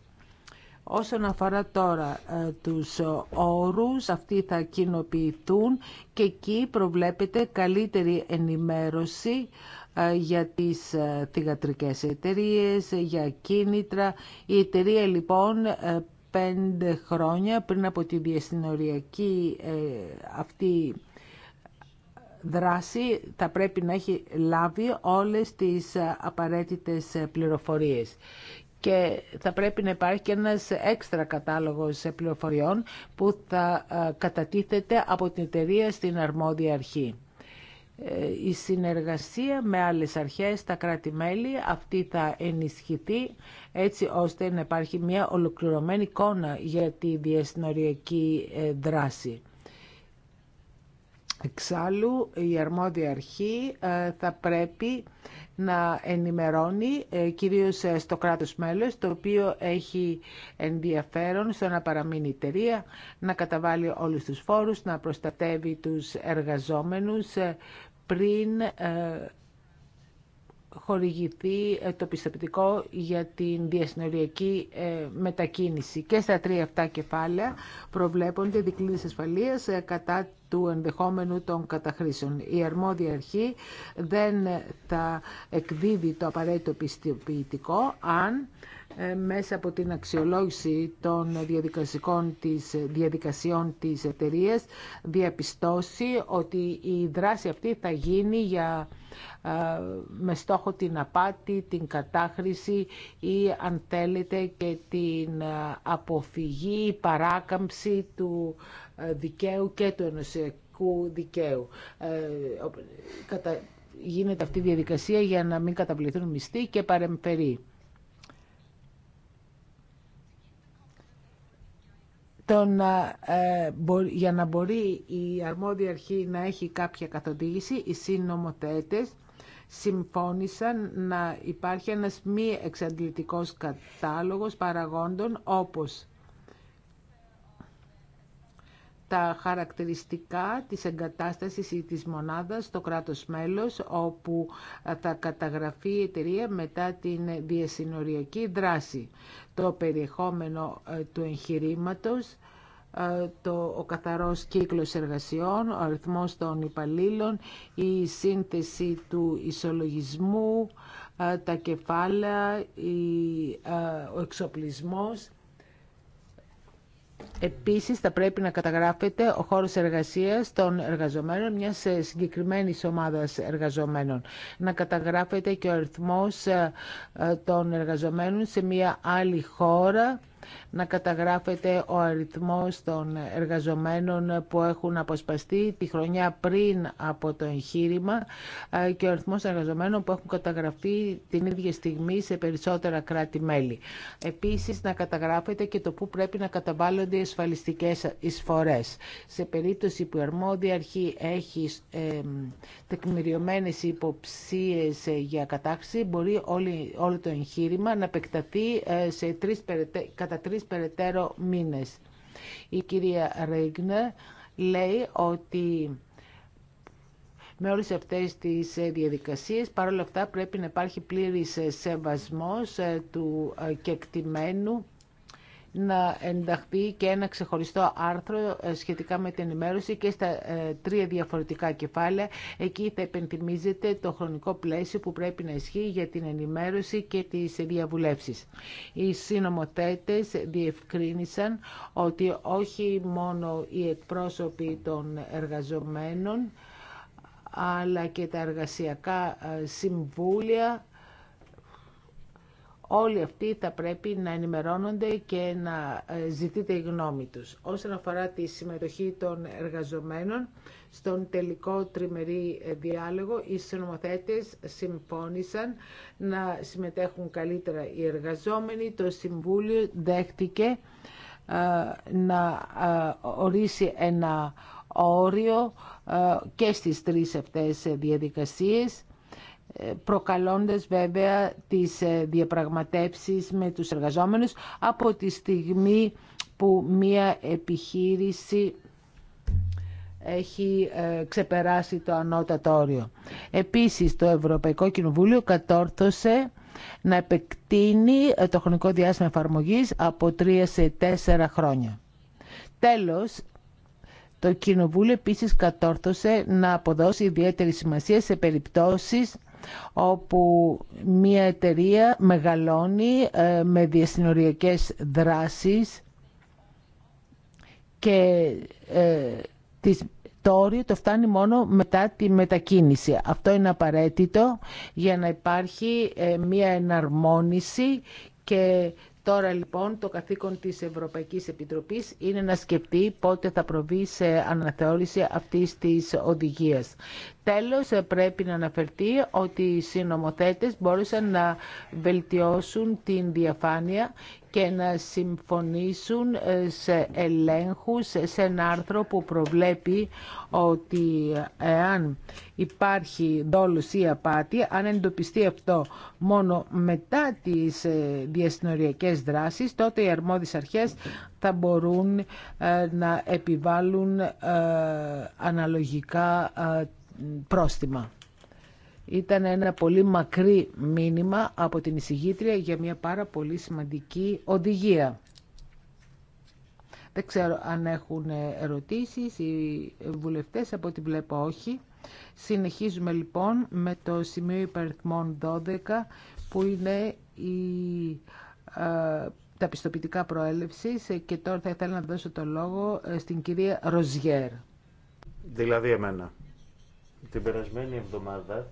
Όσον αφορά τώρα τους όρους, αυτοί θα κοινοποιηθούν και εκεί προβλέπεται καλύτερη ενημέρωση για τις θηγατρικές εταιρείες, για κίνητρα. Η εταιρεία λοιπόν πέντε χρόνια πριν από τη διασυνοριακή ε, αυτή δράση θα πρέπει να έχει λάβει όλες τις ε, απαραίτητες ε, πληροφορίες και θα πρέπει να υπάρχει και ένας έξτρα κατάλογος πληροφοριών που θα κατατίθεται από την εταιρεία στην αρμόδια αρχή. Ε, η συνεργασία με άλλες αρχές, τα κράτη-μέλη, αυτή θα ενισχυθεί έτσι ώστε να υπάρχει μια ολοκληρωμένη εικόνα για τη διασυνοριακή ε, δράση. Εξάλλου, η αρμόδια αρχή ε, θα πρέπει να ενημερώνει κυρίως στο κράτος μέλος το οποίο έχει ενδιαφέρον στο να παραμείνει εταιρεία, να καταβάλει όλους τους φόρους, να προστατεύει τους εργαζόμενους πριν ε, χορηγηθεί ε, το πιστοποιητικό για την διασυνοριακή ε, μετακίνηση. Και στα τρία αυτά κεφάλαια προβλέπονται δικλείδες ασφαλείας κατά του ενδεχόμενου των καταχρήσεων. Η αρμόδια αρχή δεν θα εκδίδει το απαραίτητο πιστοποιητικό αν ε, μέσα από την αξιολόγηση των διαδικασιών της, διαδικασιών της εταιρεία διαπιστώσει ότι η δράση αυτή θα γίνει για, ε, με στόχο την απάτη, την κατάχρηση ή αν θέλετε και την ε, αποφυγή, παράκαμψη του δικαίου και του ενωσιακού δικαίου. Γίνεται αυτή η διαδικασία για να μην καταβληθούν μισθοί και παρεμφερεί. το να, ε, για να μπορεί η αρμόδια αρχή να έχει κάποια καθοδήγηση, οι συνομοθέτες συμφώνησαν να υπάρχει ένας μη εξαντλητικός κατάλογος παραγόντων όπως τα χαρακτηριστικά της εγκατάστασης ή της μονάδας στο κράτος μέλος όπου ε, θα καταγραφεί η εταιρεία μετά την διασυνοριακή δράση. Το περιεχόμενο ε, του εγχειρήματος ε, το, ο καθαρός κύκλος εργασιών, ο αριθμός των υπαλλήλων, η σύνθεση του ισολογισμού, τα κεφάλαια, ο εξοπλισμός Επίσης θα πρέπει να καταγράφεται ο χώρος εργασίας των εργαζομένων μιας ε, συγκεκριμένης ομάδας εργαζομένων. Να καταγράφεται και ο αριθμός ε, ε, των εργαζομένων σε μια άλλη χώρα να καταγράφεται ο αριθμός των εργαζομένων που έχουν αποσπαστεί τη χρονιά πριν από το εγχείρημα ε, και ο αριθμός εργαζομένων που έχουν καταγραφεί την ίδια στιγμή σε περισσότερα κράτη-μέλη. Επίσης, να καταγράφεται και το που πρέπει να καταβάλλονται οι ασφαλιστικές εισφορές. Σε περίπτωση που η αρμόδια αρχή έχει ε, τεκμηριωμένες υποψίες για κατάξη, μπορεί όλη, όλο το εγχείρημα να επεκταθεί ε, σε τρεις κατά τρεις περαιτέρω μήνες. Η κυρία Ρέγνε λέει ότι με όλες αυτές τις ε, διαδικασίες. παρόλα αυτά πρέπει να υπάρχει πλήρης ε, σεβασμός ε, του κεκτημένου να ενταχθεί και ένα ξεχωριστό άρθρο ε, σχετικά με την ενημέρωση και στα ε, τρία διαφορετικά κεφάλαια. Εκεί θα υπενθυμίζεται το χρονικό πλαίσιο που πρέπει να ισχύει για την ενημέρωση και τις διαβουλεύσεις. Οι συνομοθέτες διευκρίνησαν ότι όχι μόνο οι εκπρόσωποι των εργαζομένων αλλά και τα εργασιακά ε, συμβούλια όλοι αυτοί θα πρέπει να ενημερώνονται και να ε, ζητείτε η γνώμη τους. Όσον αφορά τη συμμετοχή των εργαζομένων, στον τελικό τριμερή ε, διάλογο οι συνομοθέτες συμφώνησαν να συμμετέχουν καλύτερα οι εργαζόμενοι. Το Συμβούλιο δέχτηκε ε, να ορίσει ένα όριο και στις τρεις αυτές διαδικασίες προκαλώντας βέβαια τις ε, διαπραγματεύσεις με τους εργαζόμενους από τη στιγμή που μία επιχείρηση έχει ε, ξεπεράσει το ανώτατο όριο. Επίσης, το Ευρωπαϊκό Κοινοβούλιο κατόρθωσε να επεκτείνει ε, το χρονικό διάστημα εφαρμογής από τρία σε τέσσερα χρόνια. Τέλος, το Κοινοβούλιο επίσης κατόρθωσε να αποδώσει ιδιαίτερη σημασία σε περιπτώσεις όπου μια εταιρεία μεγαλώνει ε, με διασυνοριακές δράσεις και ε, το όριο το φτάνει μόνο μετά τη μετακίνηση. Αυτό είναι απαραίτητο για να υπάρχει ε, μια εναρμόνιση και Τώρα λοιπόν το καθήκον της Ευρωπαϊκής Επιτροπής είναι να σκεφτεί πότε θα προβεί σε αναθεώρηση αυτής της οδηγίας. Τέλος πρέπει να αναφερθεί ότι οι συνομοθέτες μπόρεσαν να βελτιώσουν την διαφάνεια και να συμφωνήσουν ε, σε ελέγχους σε ένα άρθρο που προβλέπει ότι εάν υπάρχει δόλος ή απάτη, αν εντοπιστεί αυτό μόνο μετά τις ε, διασυνοριακές δράσεις, τότε οι αρμόδιες αρχές θα μπορούν ε, να επιβάλλουν αναλογικά πρόστιμα. Ήταν ένα πολύ μακρύ μήνυμα από την εισηγήτρια για μια πάρα πολύ σημαντική οδηγία. Δεν ξέρω αν έχουν ερωτήσεις οι βουλευτές, από ό,τι βλέπω όχι. Συνεχίζουμε λοιπόν με το σημείο υπαριθμών 12 που είναι η, ε, τα πιστοποιητικά προέλευσης και τώρα θα ήθελα να δώσω το λόγο ε, στην κυρία Ροζιέρ. Δηλαδή εμένα. Την περασμένη εβδομάδα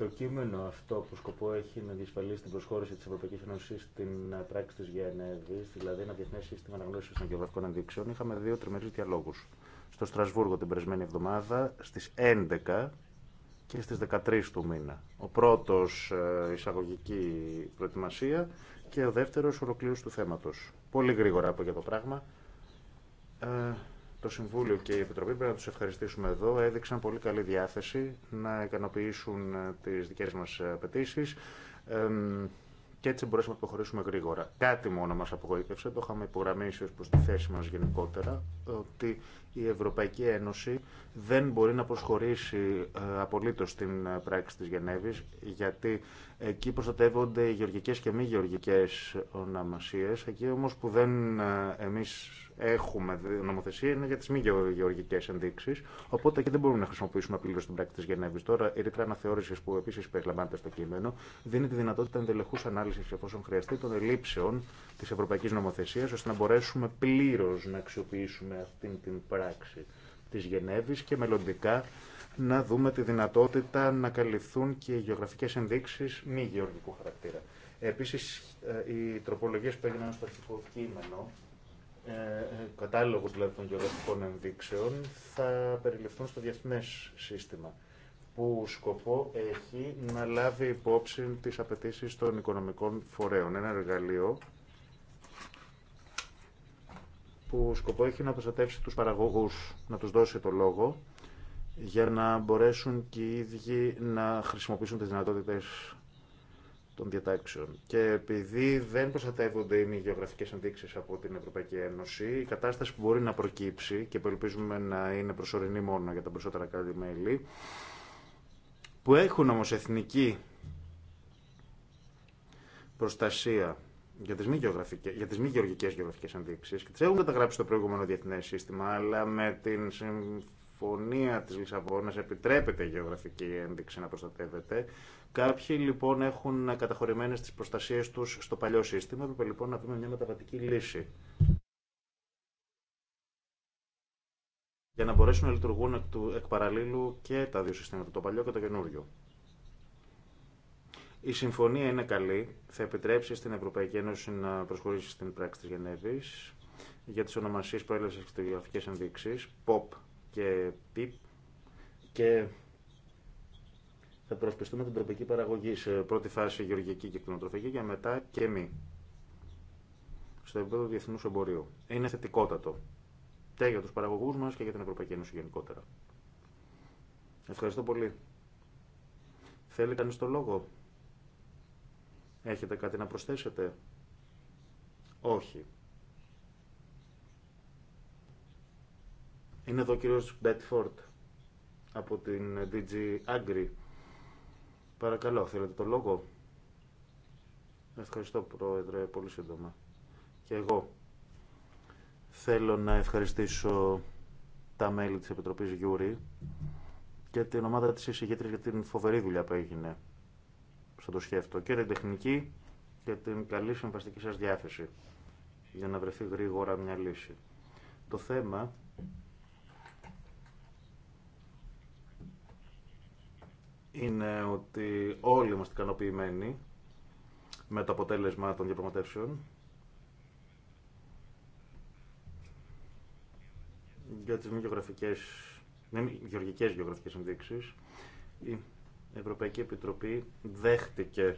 το κείμενο αυτό που σκοπό έχει να διασφαλίσει την προσχώρηση τη Ευρωπαϊκή Ένωση στην ε, πράξη τη Γενέβη, δηλαδή ένα διεθνέ σύστημα αναγνώριση των γεωγραφικών ενδείξεων, είχαμε δύο τριμερεί διαλόγου. Στο Στρασβούργο την περασμένη εβδομάδα στι 11 και στι 13 του μήνα. Ο πρώτο ε, εισαγωγική προετοιμασία και ο δεύτερο ολοκλήρωση του θέματο. Πολύ γρήγορα από για το πράγμα. Ε, το Συμβούλιο και η Επιτροπή, πρέπει να τους ευχαριστήσουμε εδώ, έδειξαν πολύ καλή διάθεση να ικανοποιήσουν ε, τις δικέ μα απαιτήσει. και έτσι μπορέσαμε να προχωρήσουμε γρήγορα. Κάτι μόνο μας απογοήτευσε, το είχαμε υπογραμμίσει ω προ τη θέση μα γενικότερα, ότι η Ευρωπαϊκή Ένωση δεν μπορεί να προσχωρήσει ε, απολύτως στην ε, πράξη της Γενέβης γιατί εκεί προστατεύονται οι γεωργικές και μη γεωργικές ονομασίες εκεί όμως που δεν ε, εμείς έχουμε νομοθεσία είναι για τις μη γεωργικές ενδείξεις οπότε εκεί δεν μπορούμε να χρησιμοποιήσουμε απλήρως την πράξη της Γενέβης τώρα η ρήτρα αναθεώρησης που επίσης περιλαμβάνεται στο κείμενο δίνει τη δυνατότητα εντελεχούς ανάλυσης εφόσον χρειαστεί των ελλείψεων της Ευρωπαϊκής Νομοθεσίας ώστε να μπορέσουμε πλήρως να αξιοποιήσουμε αυτή την πράξη της Γενέβης και μελλοντικά να δούμε τη δυνατότητα να καλυφθούν και οι γεωγραφικές ενδείξεις μη γεωργικού χαρακτήρα. Επίσης, ε, οι τροπολογίες που έγιναν στο αρχικό κείμενο, ε, ε, κατάλογο δηλαδή των γεωγραφικών ενδείξεων, θα περιληφθούν στο διεθνές σύστημα που σκοπό έχει να λάβει υπόψη τις απαιτήσεις των οικονομικών φορέων. Ένα εργαλείο που σκοπό έχει να προστατεύσει τους παραγωγούς, να τους δώσει το λόγο για να μπορέσουν και οι ίδιοι να χρησιμοποιήσουν τις δυνατότητες των διατάξεων. Και επειδή δεν προστατεύονται οι γεωγραφικέ ενδείξει από την Ευρωπαϊκή Ένωση, η κατάσταση που μπορεί να προκύψει και που ελπίζουμε να είναι προσωρινή μόνο για τα περισσότερα κράτη-μέλη, που έχουν όμω εθνική προστασία για τις μη, γεωγραφικές, για τις μη γεωργικές γεωγραφικές ενδείξεις και τις έχουν καταγράψει στο προηγούμενο διεθνέ σύστημα, αλλά με την συμφωνία της Λισαβόνας επιτρέπεται η γεωγραφική ένδειξη να προστατεύεται. Κάποιοι λοιπόν έχουν καταχωρημένες τις προστασίες τους στο παλιό σύστημα, έπρεπε λοιπόν να δούμε μια μεταβατική λύση. για να μπορέσουν να λειτουργούν εκ, του, εκ και τα δύο συστήματα, το παλιό και το καινούριο. Η συμφωνία είναι καλή. Θα επιτρέψει στην Ευρωπαϊκή Ένωση να προσχωρήσει στην πράξη τη Γενέβη για τι ονομασίε προέλευση και γραφικέ ενδείξει, POP και PIP. Και θα προσπιστούμε την τροπική παραγωγή σε πρώτη φάση γεωργική και κτηνοτροφική για μετά και μη. Στο επίπεδο διεθνού εμπορίου. Είναι θετικότατο. Και για του παραγωγού μα και για την Ευρωπαϊκή Ένωση γενικότερα. Ευχαριστώ πολύ. Θέλει κανεί το λόγο. Έχετε κάτι να προσθέσετε. Όχι. Είναι εδώ ο κύριος Μπέτφορτ από την DG Agri. Παρακαλώ, θέλετε το λόγο. Ευχαριστώ, Πρόεδρε, πολύ σύντομα. Και εγώ θέλω να ευχαριστήσω τα μέλη της Επιτροπής Γιούρι και την ομάδα της εισηγήτρια για την φοβερή δουλειά που έγινε στο το σκέφτο και την τεχνική και την καλή συμβαστική σας διάθεση για να βρεθεί γρήγορα μια λύση. Το θέμα είναι ότι όλοι είμαστε ικανοποιημένοι με το αποτέλεσμα των διαπραγματεύσεων για τις μη γεωγραφικές, μη γεωγραφικές ενδείξεις η Ευρωπαϊκή Επιτροπή δέχτηκε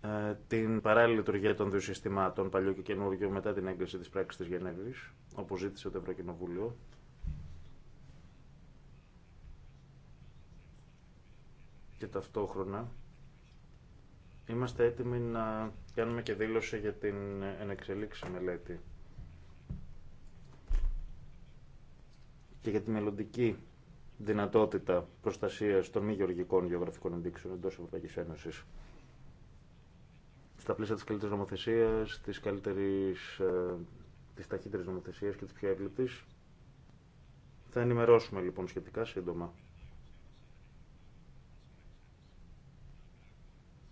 ε, την παράλληλη λειτουργία των δύο συστημάτων, παλιού και καινούργιο, μετά την έγκριση της πράξης της Γενέβης, όπου ζήτησε το Ευρωκοινοβούλιο. Και ταυτόχρονα είμαστε έτοιμοι να κάνουμε και δήλωση για την ενεξελίξη μελέτη και για τη μελλοντική δυνατότητα προστασίας των μη γεωργικών γεωγραφικών ενδείξεων εντός Ευρωπαϊκής Ένωσης. Στα πλαίσια της καλύτερης νομοθεσίας, της, καλύτερης, ε, της ταχύτερης νομοθεσίας και της πιο εύληπτης, θα ενημερώσουμε λοιπόν σχετικά σύντομα.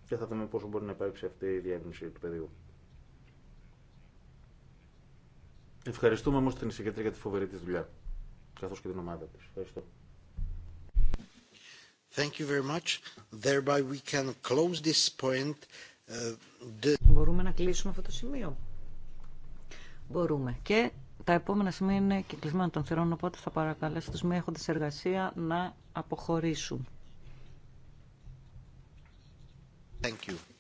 Και θα δούμε πόσο μπορεί να υπάρξει αυτή η διεύρυνση του πεδίου. Ευχαριστούμε όμως την εισηγητή για τη φοβερή της δουλειά καθώς και την ομάδα της. Ευχαριστώ. Thank you very much. Thereby we can close this point. Uh, Μπορούμε να κλείσουμε αυτό το σημείο. Μπορούμε. Και τα επόμενα σημεία είναι κλεισμένα των θυρών, οπότε θα παρακαλέσω τους μη έχοντες εργασία να αποχωρήσουν. Thank you.